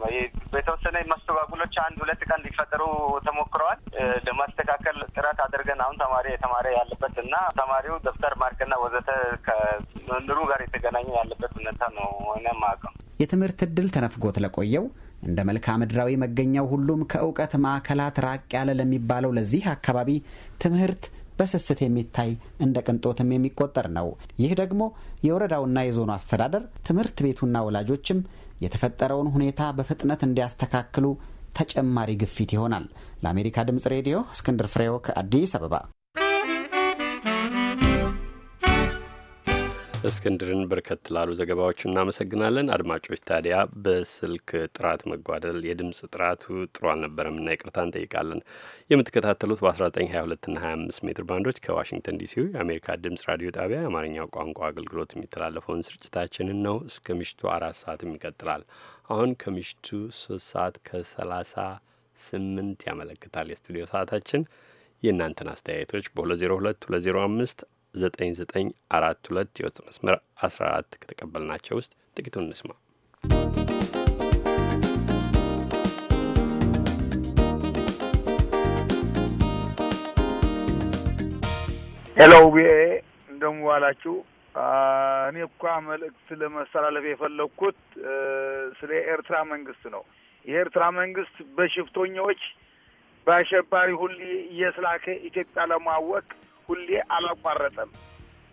በተወሰነ መስተጓጉሎች አንድ ሁለት ቀን ሊፈጠሩ ተሞክረዋል። ለማስተካከል ጥረት አድርገን አሁን ተማሪ የተማሪ ያለበት እና ተማሪው ደብተር ማርክና ወዘተ ከኑሮ ጋር የተገናኘ ያለበት ሁኔታ ነው እኔም አውቅም። የትምህርት ዕድል ተነፍጎት ለቆየው እንደ መልክዓ ምድራዊ መገኛው ሁሉም ከእውቀት ማዕከላት ራቅ ያለ ለሚባለው ለዚህ አካባቢ ትምህርት በስስት የሚታይ እንደ ቅንጦትም የሚቆጠር ነው። ይህ ደግሞ የወረዳውና የዞኑ አስተዳደር ትምህርት ቤቱና ወላጆችም የተፈጠረውን ሁኔታ በፍጥነት እንዲያስተካክሉ ተጨማሪ ግፊት ይሆናል። ለአሜሪካ ድምጽ ሬዲዮ እስክንድር ፍሬው ከአዲስ አበባ እስክንድርን በርከት ላሉ ዘገባዎቹ እናመሰግናለን። አድማጮች ታዲያ በስልክ ጥራት መጓደል የድምፅ ጥራቱ ጥሩ እና ይቅርታ እንጠይቃለን። የምትከታተሉት በ1922 እና 25 ሜትር ባንዶች ከዋሽንግተን ዲሲው የአሜሪካ ድምፅ ራዲዮ ጣቢያ የአማርኛው ቋንቋ አገልግሎት የሚተላለፈውን ስርጭታችንን ነው። እስከ ምሽቱ አራት ሰዓትም ይቀጥላል። አሁን ከምሽቱ ሶስት ሰዓት ከሰላሳ ስምንት ያመለክታል የስቱዲዮ ሰዓታችን። የእናንተን አስተያየቶች በ202 205 9942 የውስጥ መስመር 14 ከተቀበልናቸው ውስጥ ጥቂቱን እንስማ። ሄሎ ቪኤ እንደምን ዋላችሁ። እኔ እኳ መልእክት ለመስተላለፍ የፈለግኩት ስለ ኤርትራ መንግስት ነው። የኤርትራ መንግስት በሽፍቶኛዎች በአሸባሪ ሁሌ እየስላከ ኢትዮጵያ ለማወቅ ሁሌ አላቋረጠም።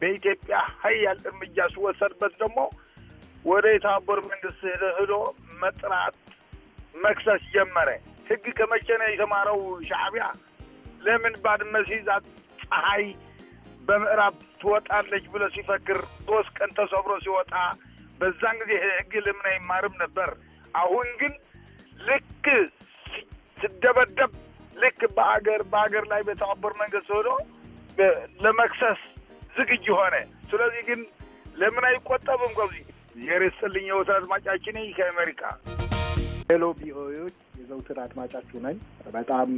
በኢትዮጵያ ሀያል እርምጃ ሲወሰድበት ደግሞ ወደ የተባበሩ መንግስት ሄዶ መጥራት መክሰስ ጀመረ። ህግ ከመቼ ነው የተማረው ሻዕቢያ? ለምን ባድመ ሲይዛት ፀሐይ በምዕራብ ትወጣለች ብሎ ሲፈክር ሶስት ቀን ተሰብሮ ሲወጣ በዛን ጊዜ ህግ ልምን አይማርም ነበር? አሁን ግን ልክ ስደበደብ ልክ በአገር በአገር ላይ በተባበሩ መንግስት ሄዶ ለመክሰስ ዝግጅ ሆነ። ስለዚህ ግን ለምን አይቆጠብም? ከዚ የሬስልኝ የወት አድማጫችን ከአሜሪካ ሄሎ ቪኦኤዎች የዘውትር አድማጫችሁ ነኝ። በጣም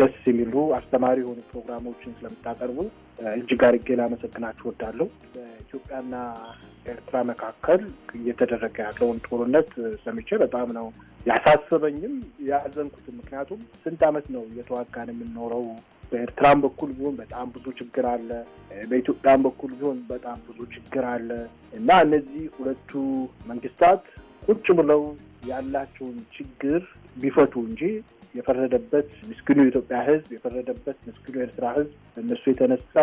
ደስ የሚሉ አስተማሪ የሆኑ ፕሮግራሞችን ስለምታቀርቡ እጅግ አድርጌ ላመሰግናችሁ ወዳለሁ። በኢትዮጵያና ኤርትራ መካከል እየተደረገ ያለውን ጦርነት ሰምቼ በጣም ነው ያሳሰበኝም ያዘንኩትም። ምክንያቱም ስንት ዓመት ነው እየተዋጋን የምንኖረው በኤርትራም በኩል ቢሆን በጣም ብዙ ችግር አለ። በኢትዮጵያም በኩል ቢሆን በጣም ብዙ ችግር አለ እና እነዚህ ሁለቱ መንግስታት ቁጭ ብለው ያላቸውን ችግር ቢፈቱ እንጂ የፈረደበት ምስኪኑ የኢትዮጵያ ሕዝብ የፈረደበት ምስኪኑ የኤርትራ ሕዝብ እነሱ የተነሳ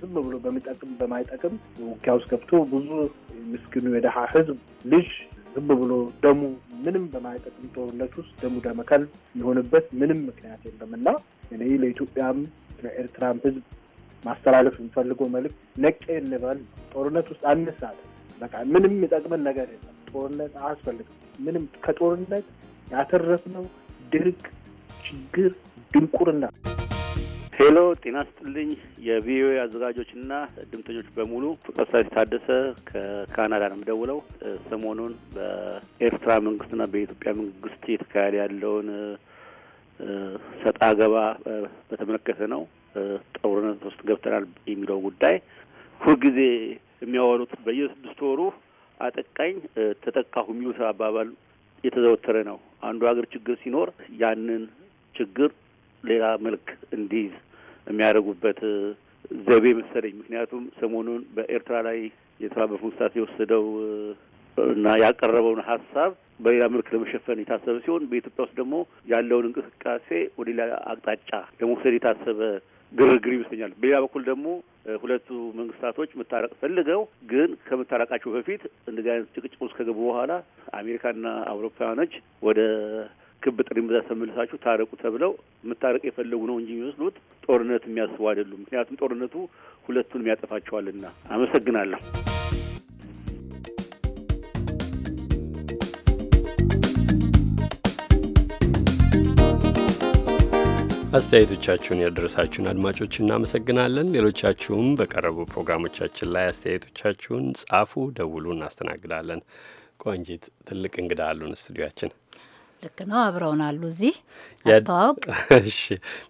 ዝም ብሎ በሚጠቅም በማይጠቅም ውጊያ ውስጥ ገብቶ ብዙ ምስኪኑ የደሃ ሕዝብ ልጅ ዝም ብሎ ደሙ ምንም በማይጠቅም ጦርነት ውስጥ ደሙ ደመከል የሆንበት የሆነበት ምንም ምክንያት የለም እና እኔ ለኢትዮጵያም ለኤርትራም ህዝብ ማስተላለፍ የሚፈልገው መልክ ነቄ እንበል፣ ጦርነት ውስጥ አንሳለ በቃ ምንም የጠቅመን ነገር የለም። ጦርነት አያስፈልግም። ምንም ከጦርነት ያተረፍነው ድርቅ፣ ችግር፣ ድንቁርና ሄሎ ጤና ስጥልኝ የቪኦኤ አዘጋጆችና ድምተኞች በሙሉ ፍቅረ ታደሰ ከካናዳ ነው የምደውለው። ሰሞኑን በኤርትራ መንግስትና በኢትዮጵያ መንግስት የተካሄደ ያለውን ሰጣ ገባ በተመለከተ ነው። ጦርነት ውስጥ ገብተናል የሚለው ጉዳይ ሁልጊዜ የሚያወሩት በየስድስት ወሩ አጠቃኝ ተጠቃሁ የሚሉት አባባል የተዘወተረ ነው። አንዱ ሀገር ችግር ሲኖር ያንን ችግር ሌላ መልክ እንዲይዝ የሚያደርጉበት ዘቤ መሰለኝ። ምክንያቱም ሰሞኑን በኤርትራ ላይ የተባበሩት መንግስታት የወሰደው እና ያቀረበውን ሀሳብ በሌላ መልክ ለመሸፈን የታሰበ ሲሆን በኢትዮጵያ ውስጥ ደግሞ ያለውን እንቅስቃሴ ወደ ሌላ አቅጣጫ ለመውሰድ የታሰበ ግርግር ይመስለኛል። በሌላ በኩል ደግሞ ሁለቱ መንግስታቶች መታረቅ ፈልገው ግን ከመታረቃቸው በፊት እንደዚህ አይነት ጭቅጭቅ ውስጥ ከገቡ በኋላ አሜሪካና አውሮፓውያኖች ወደ ክብ ብዛ ተመልሳችሁ ታረቁ ተብለው የምታረቅ የፈለጉ ነው እንጂ የሚመስሉት ጦርነት የሚያስቡ አይደሉም። ምክንያቱም ጦርነቱ ሁለቱን የሚያጠፋቸዋልና። አመሰግናለሁ። አስተያየቶቻችሁን ያደረሳችሁን አድማጮች እናመሰግናለን። ሌሎቻችሁም በቀረቡ ፕሮግራሞቻችን ላይ አስተያየቶቻችሁን ጻፉ፣ ደውሉ፣ እናስተናግዳለን። ቆንጂት፣ ትልቅ እንግዳ አሉን ስቱዲያችን። ልክ ነው። አብረውን አሉ። እዚህ አስተዋውቅ። እሺ።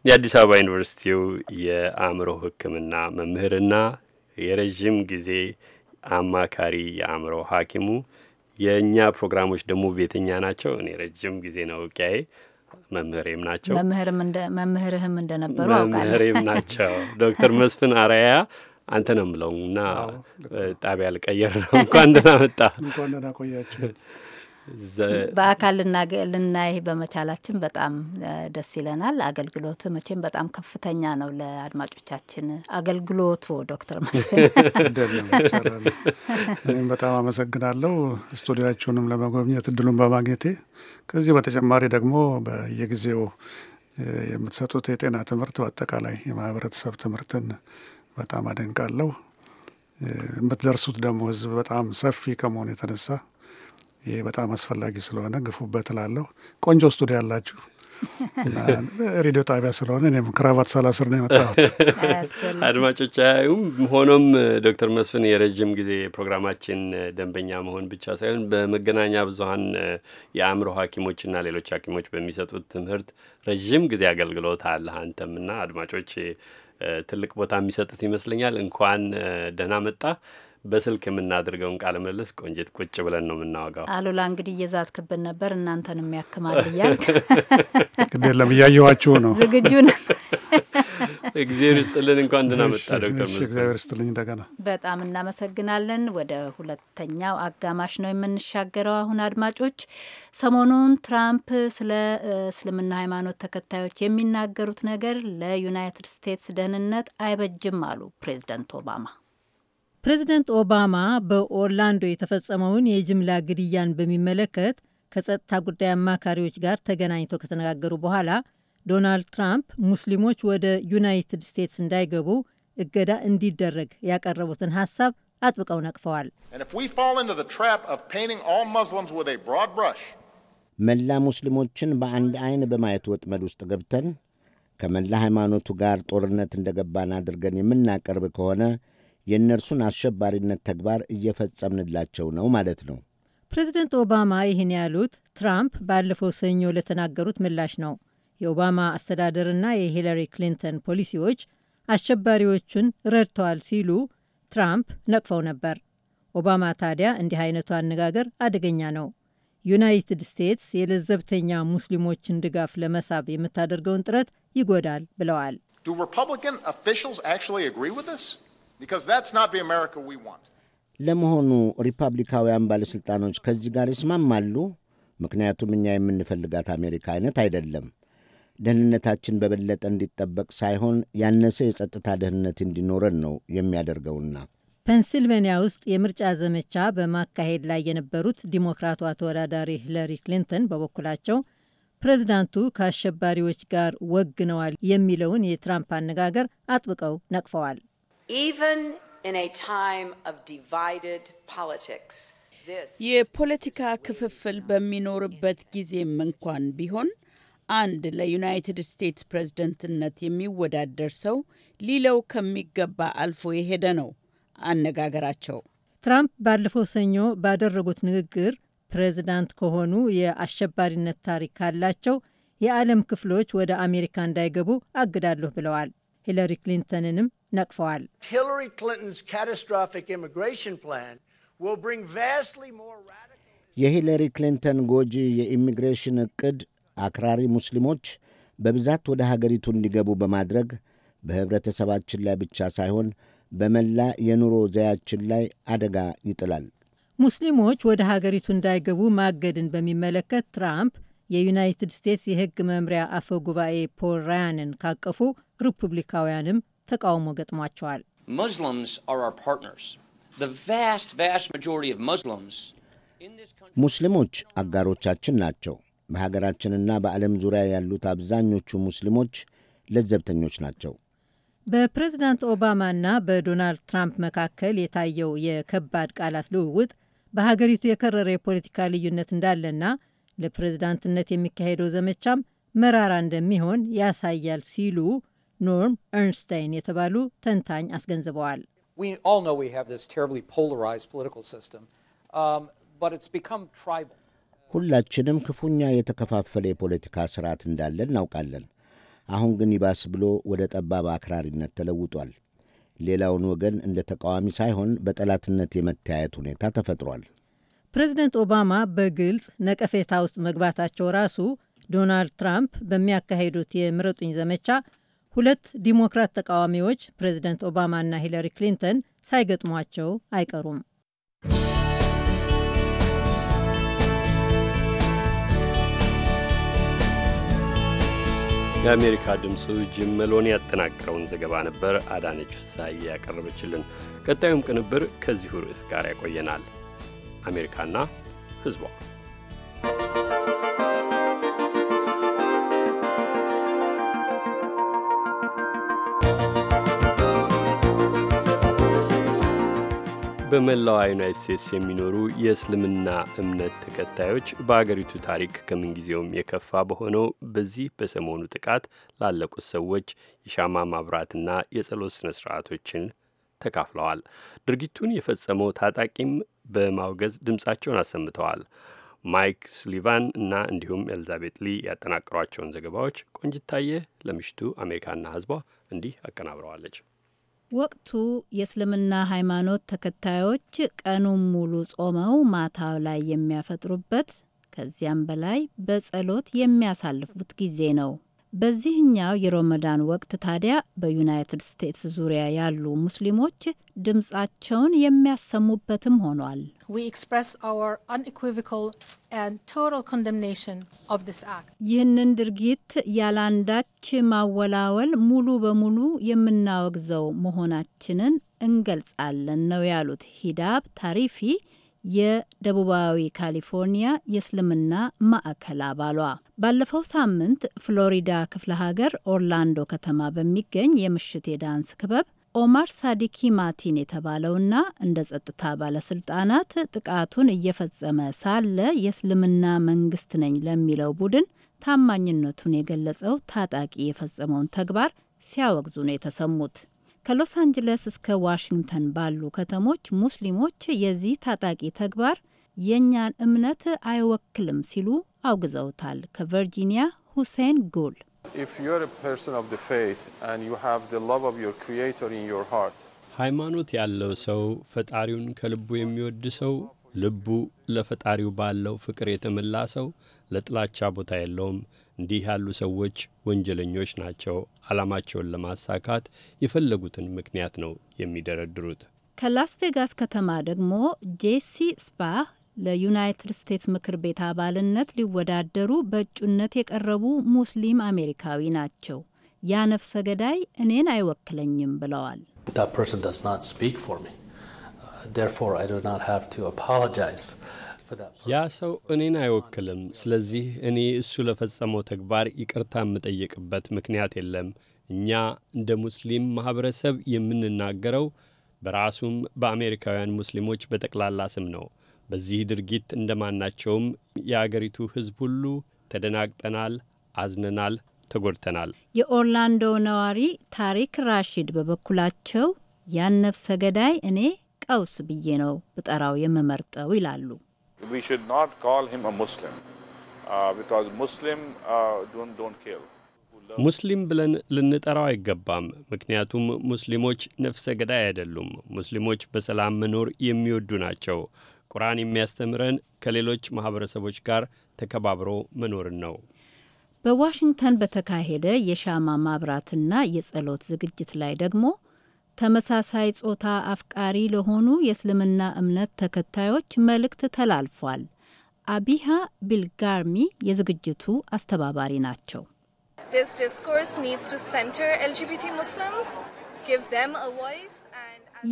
የአዲስ አበባ ዩኒቨርሲቲው የአእምሮ ሕክምና መምህርና የረዥም ጊዜ አማካሪ የአእምሮ ሐኪሙ የእኛ ፕሮግራሞች ደግሞ ቤተኛ ናቸው። እኔ ረጅም ጊዜ ነው ውቅያዬ መምህሬም ናቸው። መምህርህም እንደነበሩ መምህሬም ናቸው። ዶክተር መስፍን አራያ አንተ ነው የምለው እና ጣቢያ ልቀየር ነው። እንኳን ደህና መጣ። እንኳን ደህና ቆያችሁ። በአካል ልናይ በመቻላችን በጣም ደስ ይለናል። አገልግሎት መቼም በጣም ከፍተኛ ነው ለአድማጮቻችን አገልግሎቱ። ዶክተር መስፍን እኔም በጣም አመሰግናለሁ ስቱዲያችሁንም ለመጎብኘት እድሉን በማግኘቴ ከዚህ በተጨማሪ ደግሞ በየጊዜው የምትሰጡት የጤና ትምህርት በአጠቃላይ የማህበረተሰብ ትምህርትን በጣም አደንቃለሁ። የምትደርሱት ደግሞ ህዝብ በጣም ሰፊ ከመሆኑ የተነሳ ይህ በጣም አስፈላጊ ስለሆነ ግፉበት እላለሁ። ቆንጆ ስቱዲዮ ያላችሁ ሬዲዮ ጣቢያ ስለሆነ እኔም ክራባት ሳላስር ነው የመጣሁት። አድማጮች አያዩም። ሆኖም ዶክተር መስፍን የረዥም ጊዜ ፕሮግራማችን ደንበኛ መሆን ብቻ ሳይሆን በመገናኛ ብዙኃን የአእምሮ ሐኪሞችና ሌሎች ሐኪሞች በሚሰጡት ትምህርት ረዥም ጊዜ አገልግሎት አለህ አንተምና አድማጮች ትልቅ ቦታ የሚሰጡት ይመስለኛል። እንኳን ደህና መጣ። በስልክ የምናደርገውን ቃለ ምልልስ ቆንጅት ቁጭ ብለን ነው የምናወጋው። አሉላ እንግዲህ እየዛት ክብን ነበር እናንተን የሚያክማል እያልክ ግዴለም እያየኋችሁ ነው። ዝግጁ ነው። እግዚአብሔር ይስጥልን። እንኳን ደህና መጣ ዶክተር መስ እግዚአብሔር ይስጥልኝ። እንደገና በጣም እናመሰግናለን። ወደ ሁለተኛው አጋማሽ ነው የምንሻገረው። አሁን አድማጮች፣ ሰሞኑን ትራምፕ ስለ እስልምና ሃይማኖት ተከታዮች የሚናገሩት ነገር ለዩናይትድ ስቴትስ ደህንነት አይበጅም አሉ ፕሬዚደንት ኦባማ። ፕሬዚደንት ኦባማ በኦርላንዶ የተፈጸመውን የጅምላ ግድያን በሚመለከት ከጸጥታ ጉዳይ አማካሪዎች ጋር ተገናኝተው ከተነጋገሩ በኋላ ዶናልድ ትራምፕ ሙስሊሞች ወደ ዩናይትድ ስቴትስ እንዳይገቡ እገዳ እንዲደረግ ያቀረቡትን ሀሳብ አጥብቀው ነቅፈዋል። መላ ሙስሊሞችን በአንድ አይን በማየት ወጥመድ ውስጥ ገብተን ከመላ ሃይማኖቱ ጋር ጦርነት እንደገባን አድርገን የምናቀርብ ከሆነ የእነርሱን አሸባሪነት ተግባር እየፈጸምንላቸው ነው ማለት ነው። ፕሬዚደንት ኦባማ ይህን ያሉት ትራምፕ ባለፈው ሰኞ ለተናገሩት ምላሽ ነው። የኦባማ አስተዳደርና የሂለሪ ክሊንተን ፖሊሲዎች አሸባሪዎቹን ረድተዋል ሲሉ ትራምፕ ነቅፈው ነበር። ኦባማ ታዲያ እንዲህ አይነቱ አነጋገር አደገኛ ነው፣ ዩናይትድ ስቴትስ የለዘብተኛ ሙስሊሞችን ድጋፍ ለመሳብ የምታደርገውን ጥረት ይጎዳል ብለዋል። ለመሆኑ ሪፐብሊካውያን ባለሥልጣኖች ከዚህ ጋር ይስማማሉ? ምክንያቱም እኛ የምንፈልጋት አሜሪካ አይነት አይደለም። ደህንነታችን በበለጠ እንዲጠበቅ ሳይሆን ያነሰ የጸጥታ ደህንነት እንዲኖረን ነው የሚያደርገውና ፔንስልቬንያ ውስጥ የምርጫ ዘመቻ በማካሄድ ላይ የነበሩት ዲሞክራቷ ተወዳዳሪ ሂለሪ ክሊንተን በበኩላቸው ፕሬዚዳንቱ ከአሸባሪዎች ጋር ወግነዋል የሚለውን የትራምፕ አነጋገር አጥብቀው ነቅፈዋል። የፖለቲካ ክፍፍል በሚኖርበት ጊዜም እንኳን ቢሆን አንድ ለዩናይትድ ስቴትስ ፕሬዝደንትነት የሚወዳደር ሰው ሊለው ከሚገባ አልፎ የሄደ ነው አነጋገራቸው። ትራምፕ ባለፈው ሰኞ ባደረጉት ንግግር ፕሬዝዳንት ከሆኑ የአሸባሪነት ታሪክ ካላቸው የዓለም ክፍሎች ወደ አሜሪካ እንዳይገቡ አግዳለሁ ብለዋል። ሂለሪ ክሊንተንንም ነቅፈዋል። የሂለሪ ክሊንተን ጎጂ የኢሚግሬሽን ዕቅድ አክራሪ ሙስሊሞች በብዛት ወደ ሀገሪቱ እንዲገቡ በማድረግ በኅብረተሰባችን ላይ ብቻ ሳይሆን በመላ የኑሮ ዘያችን ላይ አደጋ ይጥላል። ሙስሊሞች ወደ ሀገሪቱ እንዳይገቡ ማገድን በሚመለከት ትራምፕ የዩናይትድ ስቴትስ የሕግ መምሪያ አፈ ጉባኤ ፖል ራያንን ካቀፉ ሪፑብሊካውያንም ተቃውሞ ገጥሟቸዋል። ሙስሊሞች አጋሮቻችን ናቸው። በሀገራችንና በዓለም ዙሪያ ያሉት አብዛኞቹ ሙስሊሞች ለዘብተኞች ናቸው። በፕሬዝዳንት ኦባማና በዶናልድ ትራምፕ መካከል የታየው የከባድ ቃላት ልውውጥ በሀገሪቱ የከረረ የፖለቲካ ልዩነት እንዳለና ለፕሬዝዳንትነት የሚካሄደው ዘመቻም መራራ እንደሚሆን ያሳያል ሲሉ ኖርም ኤርንስታይን የተባሉ ተንታኝ አስገንዝበዋል። um, ሁላችንም ክፉኛ የተከፋፈለ የፖለቲካ ስርዓት እንዳለ እናውቃለን። አሁን ግን ይባስ ብሎ ወደ ጠባብ አክራሪነት ተለውጧል። ሌላውን ወገን እንደ ተቃዋሚ ሳይሆን በጠላትነት የመተያየት ሁኔታ ተፈጥሯል። ፕሬዚደንት ኦባማ በግልጽ ነቀፌታ ውስጥ መግባታቸው ራሱ ዶናልድ ትራምፕ በሚያካሂዱት የምረጡኝ ዘመቻ ሁለት ዲሞክራት ተቃዋሚዎች ፕሬዚደንት እና ሂለሪ ክሊንተን ሳይገጥሟቸው አይቀሩም። የአሜሪካ ድምፁ ጅም መሎን ያጠናቀረውን ዘገባ ነበር አዳነች ፍሳዬ ያቀረበችልን። ቀጣዩም ቅንብር ከዚሁ ርዕስ ጋር ያቆየናል። አሜሪካና ሕዝቧ በመላዋ ዩናይት ስቴትስ የሚኖሩ የእስልምና እምነት ተከታዮች በአገሪቱ ታሪክ ከምንጊዜውም የከፋ በሆነው በዚህ በሰሞኑ ጥቃት ላለቁት ሰዎች የሻማ ማብራትና የጸሎት ስነ ስርዓቶችን ተካፍለዋል። ድርጊቱን የፈጸመው ታጣቂም በማውገዝ ድምፃቸውን አሰምተዋል። ማይክ ሱሊቫን እና እንዲሁም ኤልዛቤት ሊ ያጠናቀሯቸውን ዘገባዎች ቆንጅታየ ለምሽቱ አሜሪካና ህዝቧ እንዲህ አቀናብረዋለች። ወቅቱ የእስልምና ሃይማኖት ተከታዮች ቀኑን ሙሉ ጾመው ማታ ላይ የሚያፈጥሩበት ከዚያም በላይ በጸሎት የሚያሳልፉት ጊዜ ነው። በዚህኛው የሮመዳን ወቅት ታዲያ በዩናይትድ ስቴትስ ዙሪያ ያሉ ሙስሊሞች ድምፃቸውን የሚያሰሙበትም ሆኗል። ይህንን ድርጊት ያላንዳች ማወላወል ሙሉ በሙሉ የምናወግዘው መሆናችንን እንገልጻለን ነው ያሉት ሂዳብ ታሪፊ የደቡባዊ ካሊፎርኒያ የእስልምና ማዕከል አባሏ። ባለፈው ሳምንት ፍሎሪዳ ክፍለ ሀገር ኦርላንዶ ከተማ በሚገኝ የምሽት የዳንስ ክበብ ኦማር ሳዲኪ ማቲን የተባለውና እንደ ጸጥታ ባለስልጣናት ጥቃቱን እየፈጸመ ሳለ የእስልምና መንግስት ነኝ ለሚለው ቡድን ታማኝነቱን የገለጸው ታጣቂ የፈጸመውን ተግባር ሲያወግዙ ነው የተሰሙት። ከሎስ አንጅለስ እስከ ዋሽንግተን ባሉ ከተሞች ሙስሊሞች የዚህ ታጣቂ ተግባር የእኛን እምነት አይወክልም ሲሉ አውግዘውታል። ከቨርጂኒያ ሁሴን ጉል ሃይማኖት ያለው ሰው ፈጣሪውን ከልቡ የሚወድ ሰው ልቡ ለፈጣሪው ባለው ፍቅር የተመላ ሰው ለጥላቻ ቦታ የለውም። እንዲህ ያሉ ሰዎች ወንጀለኞች ናቸው። ዓላማቸውን ለማሳካት የፈለጉትን ምክንያት ነው የሚደረድሩት። ከላስ ቬጋስ ከተማ ደግሞ ጄሲ ስፓ ለዩናይትድ ስቴትስ ምክር ቤት አባልነት ሊወዳደሩ በእጩነት የቀረቡ ሙስሊም አሜሪካዊ ናቸው። ያ ነፍሰ ገዳይ እኔን አይወክለኝም ብለዋል። ፐርሰን ዶዝ ናት ስፒክ ፎር ሚ ዜርፎር ናት ሃቭ ቱ አፖሎጃይዝ ያ ሰው እኔን አይወክልም። ስለዚህ እኔ እሱ ለፈጸመው ተግባር ይቅርታ የምጠየቅበት ምክንያት የለም። እኛ እንደ ሙስሊም ማኅበረሰብ የምንናገረው በራሱም በአሜሪካውያን ሙስሊሞች በጠቅላላ ስም ነው። በዚህ ድርጊት እንደማናቸውም የአገሪቱ ሕዝብ ሁሉ ተደናግጠናል፣ አዝነናል፣ ተጎድተናል። የኦርላንዶ ነዋሪ ታሪክ ራሺድ በበኩላቸው ያን ነፍሰ ገዳይ እኔ ቀውስ ብዬ ነው ብጠራው የምመርጠው ይላሉ። we should not call him a Muslim uh, because Muslim uh, don't, don't kill. ሙስሊም ብለን ልንጠራው አይገባም። ምክንያቱም ሙስሊሞች ነፍሰ ገዳይ አይደሉም። ሙስሊሞች በሰላም መኖር የሚወዱ ናቸው። ቁርአን የሚያስተምረን ከሌሎች ማህበረሰቦች ጋር ተከባብሮ መኖርን ነው። በዋሽንግተን በተካሄደ የሻማ ማብራትና የጸሎት ዝግጅት ላይ ደግሞ ተመሳሳይ ጾታ አፍቃሪ ለሆኑ የእስልምና እምነት ተከታዮች መልእክት ተላልፏል። አቢሃ ቢልጋርሚ የዝግጅቱ አስተባባሪ ናቸው።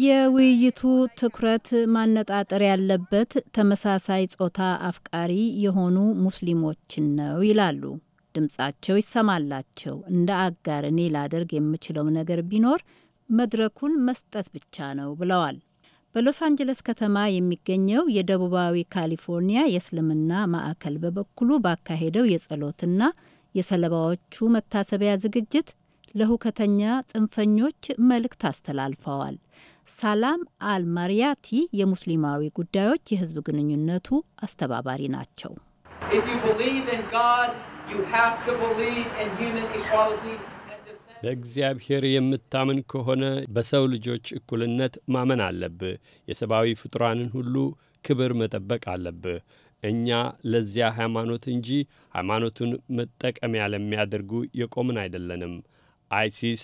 የውይይቱ ትኩረት ማነጣጠር ያለበት ተመሳሳይ ጾታ አፍቃሪ የሆኑ ሙስሊሞችን ነው ይላሉ። ድምጻቸው ይሰማላቸው። እንደ አጋር እኔ ላደርግ የምችለው ነገር ቢኖር መድረኩን መስጠት ብቻ ነው ብለዋል። በሎስ አንጀለስ ከተማ የሚገኘው የደቡባዊ ካሊፎርኒያ የእስልምና ማዕከል በበኩሉ ባካሄደው የጸሎትና የሰለባዎቹ መታሰቢያ ዝግጅት ለሁከተኛ ጽንፈኞች መልእክት አስተላልፈዋል። ሳላም አልማሪያቲ የሙስሊማዊ ጉዳዮች የህዝብ ግንኙነቱ አስተባባሪ ናቸው። በእግዚአብሔር የምታምን ከሆነ በሰው ልጆች እኩልነት ማመን አለብህ። የሰብአዊ ፍጡራንን ሁሉ ክብር መጠበቅ አለብህ። እኛ ለዚያ ሃይማኖት እንጂ ሃይማኖቱን መጠቀሚያ ለሚያደርጉ የቆምን አይደለንም። አይሲስ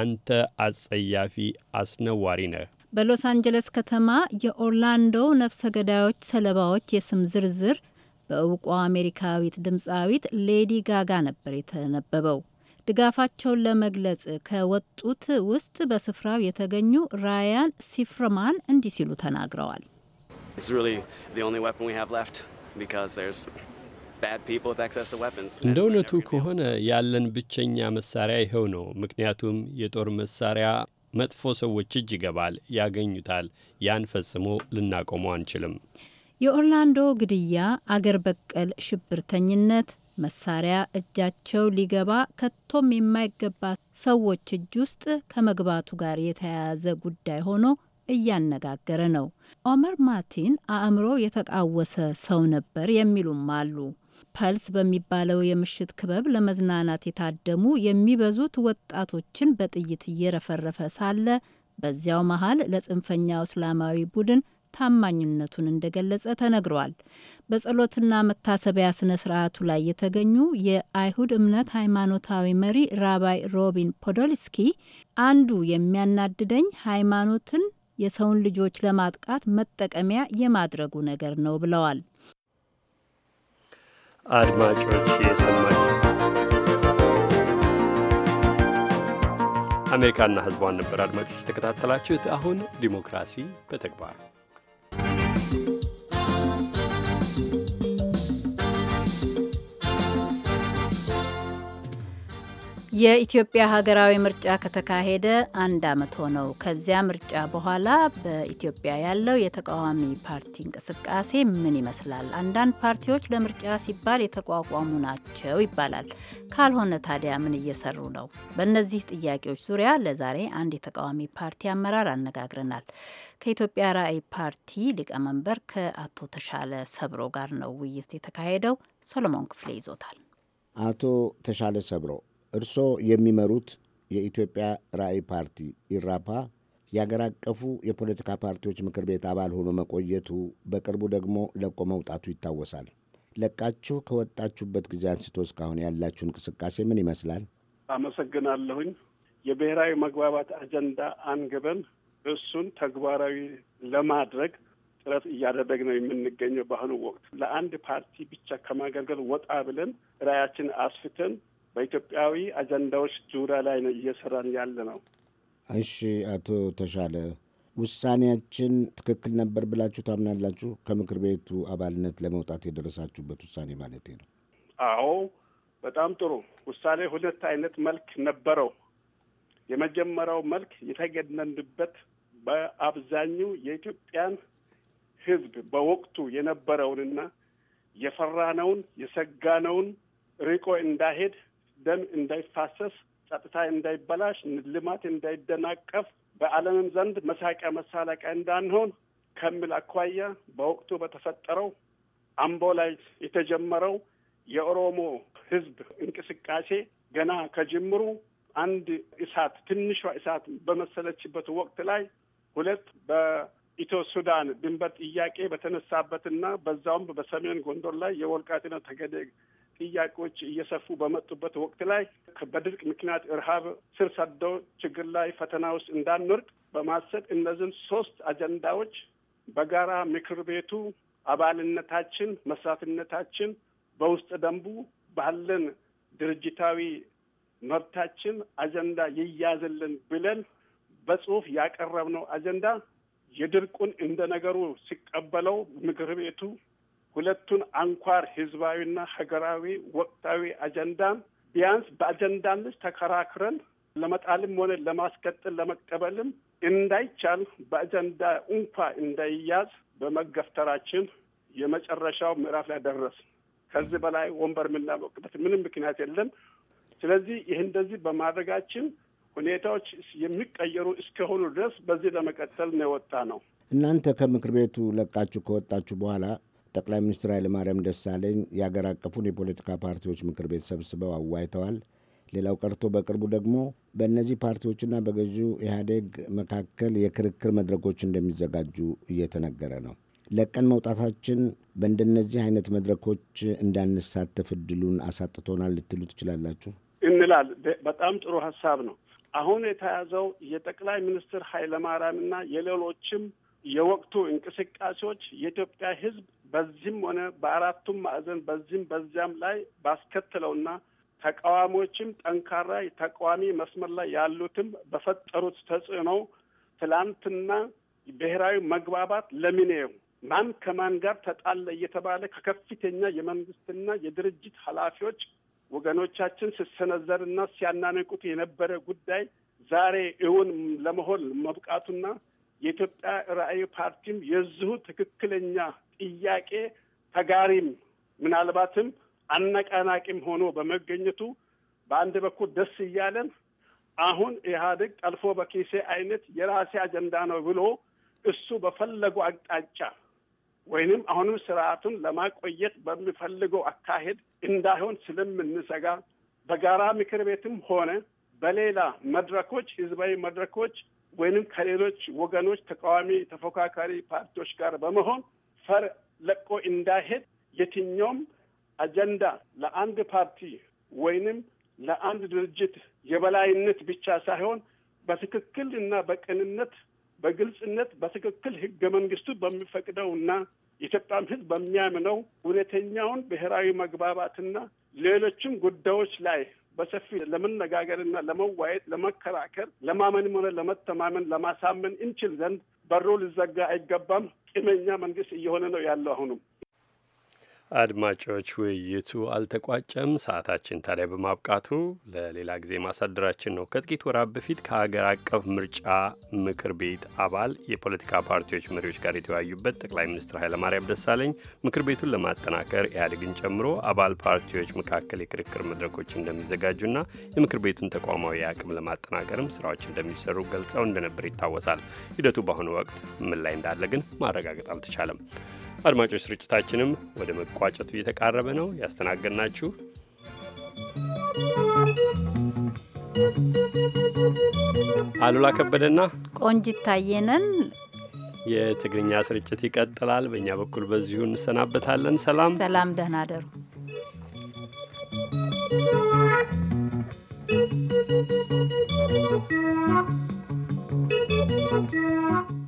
አንተ አጸያፊ አስነዋሪ ነህ። በሎስ አንጀለስ ከተማ የኦርላንዶ ነፍሰ ገዳዮች ሰለባዎች የስም ዝርዝር በእውቋ አሜሪካዊት ድምፃዊት ሌዲ ጋጋ ነበር የተነበበው። ድጋፋቸውን ለመግለጽ ከወጡት ውስጥ በስፍራው የተገኙ ራያን ሲፍርማን እንዲህ ሲሉ ተናግረዋል። እንደ እውነቱ ከሆነ ያለን ብቸኛ መሳሪያ ይኸው ነው። ምክንያቱም የጦር መሳሪያ መጥፎ ሰዎች እጅ ይገባል፣ ያገኙታል። ያን ፈጽሞ ልናቆመው አንችልም። የኦርላንዶ ግድያ አገር በቀል ሽብርተኝነት መሳሪያ እጃቸው ሊገባ ከቶም የማይገባ ሰዎች እጅ ውስጥ ከመግባቱ ጋር የተያያዘ ጉዳይ ሆኖ እያነጋገረ ነው። ኦመር ማቲን አእምሮ የተቃወሰ ሰው ነበር የሚሉም አሉ። ፐልስ በሚባለው የምሽት ክበብ ለመዝናናት የታደሙ የሚበዙት ወጣቶችን በጥይት እየረፈረፈ ሳለ በዚያው መሀል ለጽንፈኛው እስላማዊ ቡድን ታማኝነቱን እንደገለጸ ተነግሯል። በጸሎትና መታሰቢያ ስነ ስርዓቱ ላይ የተገኙ የአይሁድ እምነት ሃይማኖታዊ መሪ ራባይ ሮቢን ፖዶልስኪ አንዱ የሚያናድደኝ ሃይማኖትን የሰውን ልጆች ለማጥቃት መጠቀሚያ የማድረጉ ነገር ነው ብለዋል። አድማጮች የሰማችሁ አሜሪካና ሕዝቧን ነበር አድማጮች የተከታተላችሁት። አሁን ዲሞክራሲ በተግባር የኢትዮጵያ ሀገራዊ ምርጫ ከተካሄደ አንድ ዓመት ሆነው። ከዚያ ምርጫ በኋላ በኢትዮጵያ ያለው የተቃዋሚ ፓርቲ እንቅስቃሴ ምን ይመስላል? አንዳንድ ፓርቲዎች ለምርጫ ሲባል የተቋቋሙ ናቸው ይባላል። ካልሆነ ታዲያ ምን እየሰሩ ነው? በእነዚህ ጥያቄዎች ዙሪያ ለዛሬ አንድ የተቃዋሚ ፓርቲ አመራር አነጋግረናል። ከኢትዮጵያ ራዕይ ፓርቲ ሊቀመንበር ከአቶ ተሻለ ሰብሮ ጋር ነው ውይይት የተካሄደው። ሶሎሞን ክፍሌ ይዞታል። አቶ ተሻለ ሰብሮ እርስዎ የሚመሩት የኢትዮጵያ ራዕይ ፓርቲ ኢራፓ የአገር አቀፉ የፖለቲካ ፓርቲዎች ምክር ቤት አባል ሆኖ መቆየቱ፣ በቅርቡ ደግሞ ለቆ መውጣቱ ይታወሳል። ለቃችሁ ከወጣችሁበት ጊዜ አንስቶ እስካሁን ያላችሁ እንቅስቃሴ ምን ይመስላል? አመሰግናለሁኝ። የብሔራዊ መግባባት አጀንዳ አንግበን እሱን ተግባራዊ ለማድረግ ጥረት እያደረግ ነው የምንገኘው። በአሁኑ ወቅት ለአንድ ፓርቲ ብቻ ከማገልገል ወጣ ብለን ራዕያችን አስፍተን በኢትዮጵያዊ አጀንዳዎች ዙሪያ ላይ ነው እየሰራን ያለ ነው። እሺ፣ አቶ ተሻለ ውሳኔያችን ትክክል ነበር ብላችሁ ታምናላችሁ? ከምክር ቤቱ አባልነት ለመውጣት የደረሳችሁበት ውሳኔ ማለት ነው? አዎ፣ በጣም ጥሩ ውሳኔ። ሁለት አይነት መልክ ነበረው። የመጀመሪያው መልክ የተገነንበት በአብዛኛው የኢትዮጵያን ሕዝብ በወቅቱ የነበረውንና የፈራነውን የሰጋነውን ርቆ እንዳሄድ ደም እንዳይፋሰስ፣ ጸጥታ እንዳይበላሽ፣ ልማት እንዳይደናቀፍ፣ በዓለምም ዘንድ መሳቂያ መሳለቂያ እንዳንሆን ከሚል አኳያ በወቅቱ በተፈጠረው አምቦ ላይ የተጀመረው የኦሮሞ ሕዝብ እንቅስቃሴ ገና ከጅምሩ አንድ እሳት ትንሿ እሳት በመሰለችበት ወቅት ላይ ሁለት በኢትዮ ሱዳን ድንበር ጥያቄ በተነሳበትና በዛውም በሰሜን ጎንደር ላይ የወልቃይትና ጠገዴ ጥያቄዎች እየሰፉ በመጡበት ወቅት ላይ በድርቅ ምክንያት እርሃብ ስር ሰደው ችግር ላይ ፈተና ውስጥ እንዳንወርቅ በማሰብ እነዚህን ሶስት አጀንዳዎች በጋራ ምክር ቤቱ አባልነታችን፣ መስራትነታችን በውስጥ ደንቡ ባለን ድርጅታዊ መብታችን አጀንዳ ይያዝልን ብለን በጽሁፍ ያቀረብነው አጀንዳ የድርቁን እንደ ነገሩ ሲቀበለው ምክር ቤቱ ሁለቱን አንኳር ህዝባዊና ሀገራዊ ወቅታዊ አጀንዳን ቢያንስ በአጀንዳ ልጅ ተከራክረን ለመጣልም ሆነ ለማስቀጥል ለመቀበልም እንዳይቻል በአጀንዳ እንኳ እንዳይያዝ በመገፍተራችን የመጨረሻው ምዕራፍ ላይ ደረስ። ከዚህ በላይ ወንበር የምናመቅበት ምንም ምክንያት የለም። ስለዚህ ይህ እንደዚህ በማድረጋችን ሁኔታዎች የሚቀየሩ እስከሆኑ ድረስ በዚህ ለመቀጠል ነው የወጣ ነው። እናንተ ከምክር ቤቱ ለቃችሁ ከወጣችሁ በኋላ ጠቅላይ ሚኒስትር ኃይለማርያም ደሳለኝ የአገር አቀፉን የፖለቲካ ፓርቲዎች ምክር ቤት ሰብስበው አዋይተዋል። ሌላው ቀርቶ በቅርቡ ደግሞ በእነዚህ ፓርቲዎችና በገዢው ኢህአዴግ መካከል የክርክር መድረኮች እንደሚዘጋጁ እየተነገረ ነው። ለቀን መውጣታችን በእንደነዚህ አይነት መድረኮች እንዳንሳተፍ እድሉን አሳጥቶናል ልትሉ ትችላላችሁ እንላል። በጣም ጥሩ ሀሳብ ነው። አሁን የተያዘው የጠቅላይ ሚኒስትር ኃይለማርያምና የሌሎችም የወቅቱ እንቅስቃሴዎች የኢትዮጵያ ሕዝብ በዚህም ሆነ በአራቱም ማዕዘን በዚህም በዚያም ላይ ባስከትለውና ተቃዋሚዎችም ጠንካራ ተቃዋሚ መስመር ላይ ያሉትም በፈጠሩት ተጽዕኖ ትላንትና ብሔራዊ መግባባት ለሚኔው ማን ከማን ጋር ተጣለ እየተባለ ከከፍተኛ የመንግስትና የድርጅት ኃላፊዎች ወገኖቻችን ሲሰነዘርና ሲያናነቁት የነበረ ጉዳይ ዛሬ እውን ለመሆን መብቃቱና የኢትዮጵያ ራዕይ ፓርቲም የዚሁ ትክክለኛ ጥያቄ ተጋሪም ምናልባትም አነቃናቂም ሆኖ በመገኘቱ በአንድ በኩል ደስ እያለን አሁን ኢህአዴግ ጠልፎ በኪሴ አይነት የራሴ አጀንዳ ነው ብሎ እሱ በፈለጉ አቅጣጫ ወይንም አሁንም ስርዓቱን ለማቆየት በሚፈልገው አካሄድ እንዳይሆን ስለምንሰጋ በጋራ ምክር ቤትም ሆነ በሌላ መድረኮች፣ ህዝባዊ መድረኮች ወይንም ከሌሎች ወገኖች ተቃዋሚ ተፎካካሪ ፓርቲዎች ጋር በመሆን ፈር ለቆ እንዳይሄድ የትኛውም አጀንዳ ለአንድ ፓርቲ ወይንም ለአንድ ድርጅት የበላይነት ብቻ ሳይሆን በትክክል እና በቅንነት በግልጽነት በትክክል ህገ መንግስቱ በሚፈቅደው እና ኢትዮጵያም ህዝብ በሚያምነው እውነተኛውን ብሔራዊ መግባባትና ሌሎችም ጉዳዮች ላይ በሰፊ ለመነጋገርና ለመዋየት፣ ለመከራከር፣ ለማመንም ሆነ ለመተማመን፣ ለማሳመን እንችል ዘንድ በሩ ሊዘጋ አይገባም። ቂመኛ መንግስት እየሆነ ነው ያለው አሁንም አድማጮች ውይይቱ አልተቋጨም። ሰዓታችን ታዲያ በማብቃቱ ለሌላ ጊዜ ማሳደራችን ነው። ከጥቂት ወራት በፊት ከሀገር አቀፍ ምርጫ ምክር ቤት አባል የፖለቲካ ፓርቲዎች መሪዎች ጋር የተወያዩበት ጠቅላይ ሚኒስትር ኃይለማርያም ደሳለኝ ምክር ቤቱን ለማጠናከር ኢህአዴግን ጨምሮ አባል ፓርቲዎች መካከል የክርክር መድረኮች እንደሚዘጋጁና የምክር ቤቱን ተቋማዊ አቅም ለማጠናከርም ስራዎች እንደሚሰሩ ገልጸው እንደነበር ይታወሳል። ሂደቱ በአሁኑ ወቅት ምን ላይ እንዳለ ግን ማረጋገጥ አልተቻለም። አድማጮች ስርጭታችንም ወደ መቋጨቱ እየተቃረበ ነው። ያስተናገድናችሁ አሉላ ከበደና ቆንጂት ታየ የትግርኛ ስርጭት ይቀጥላል። በእኛ በኩል በዚሁ እንሰናበታለን። ሰላም ሰላም፣ ደህና Thank you.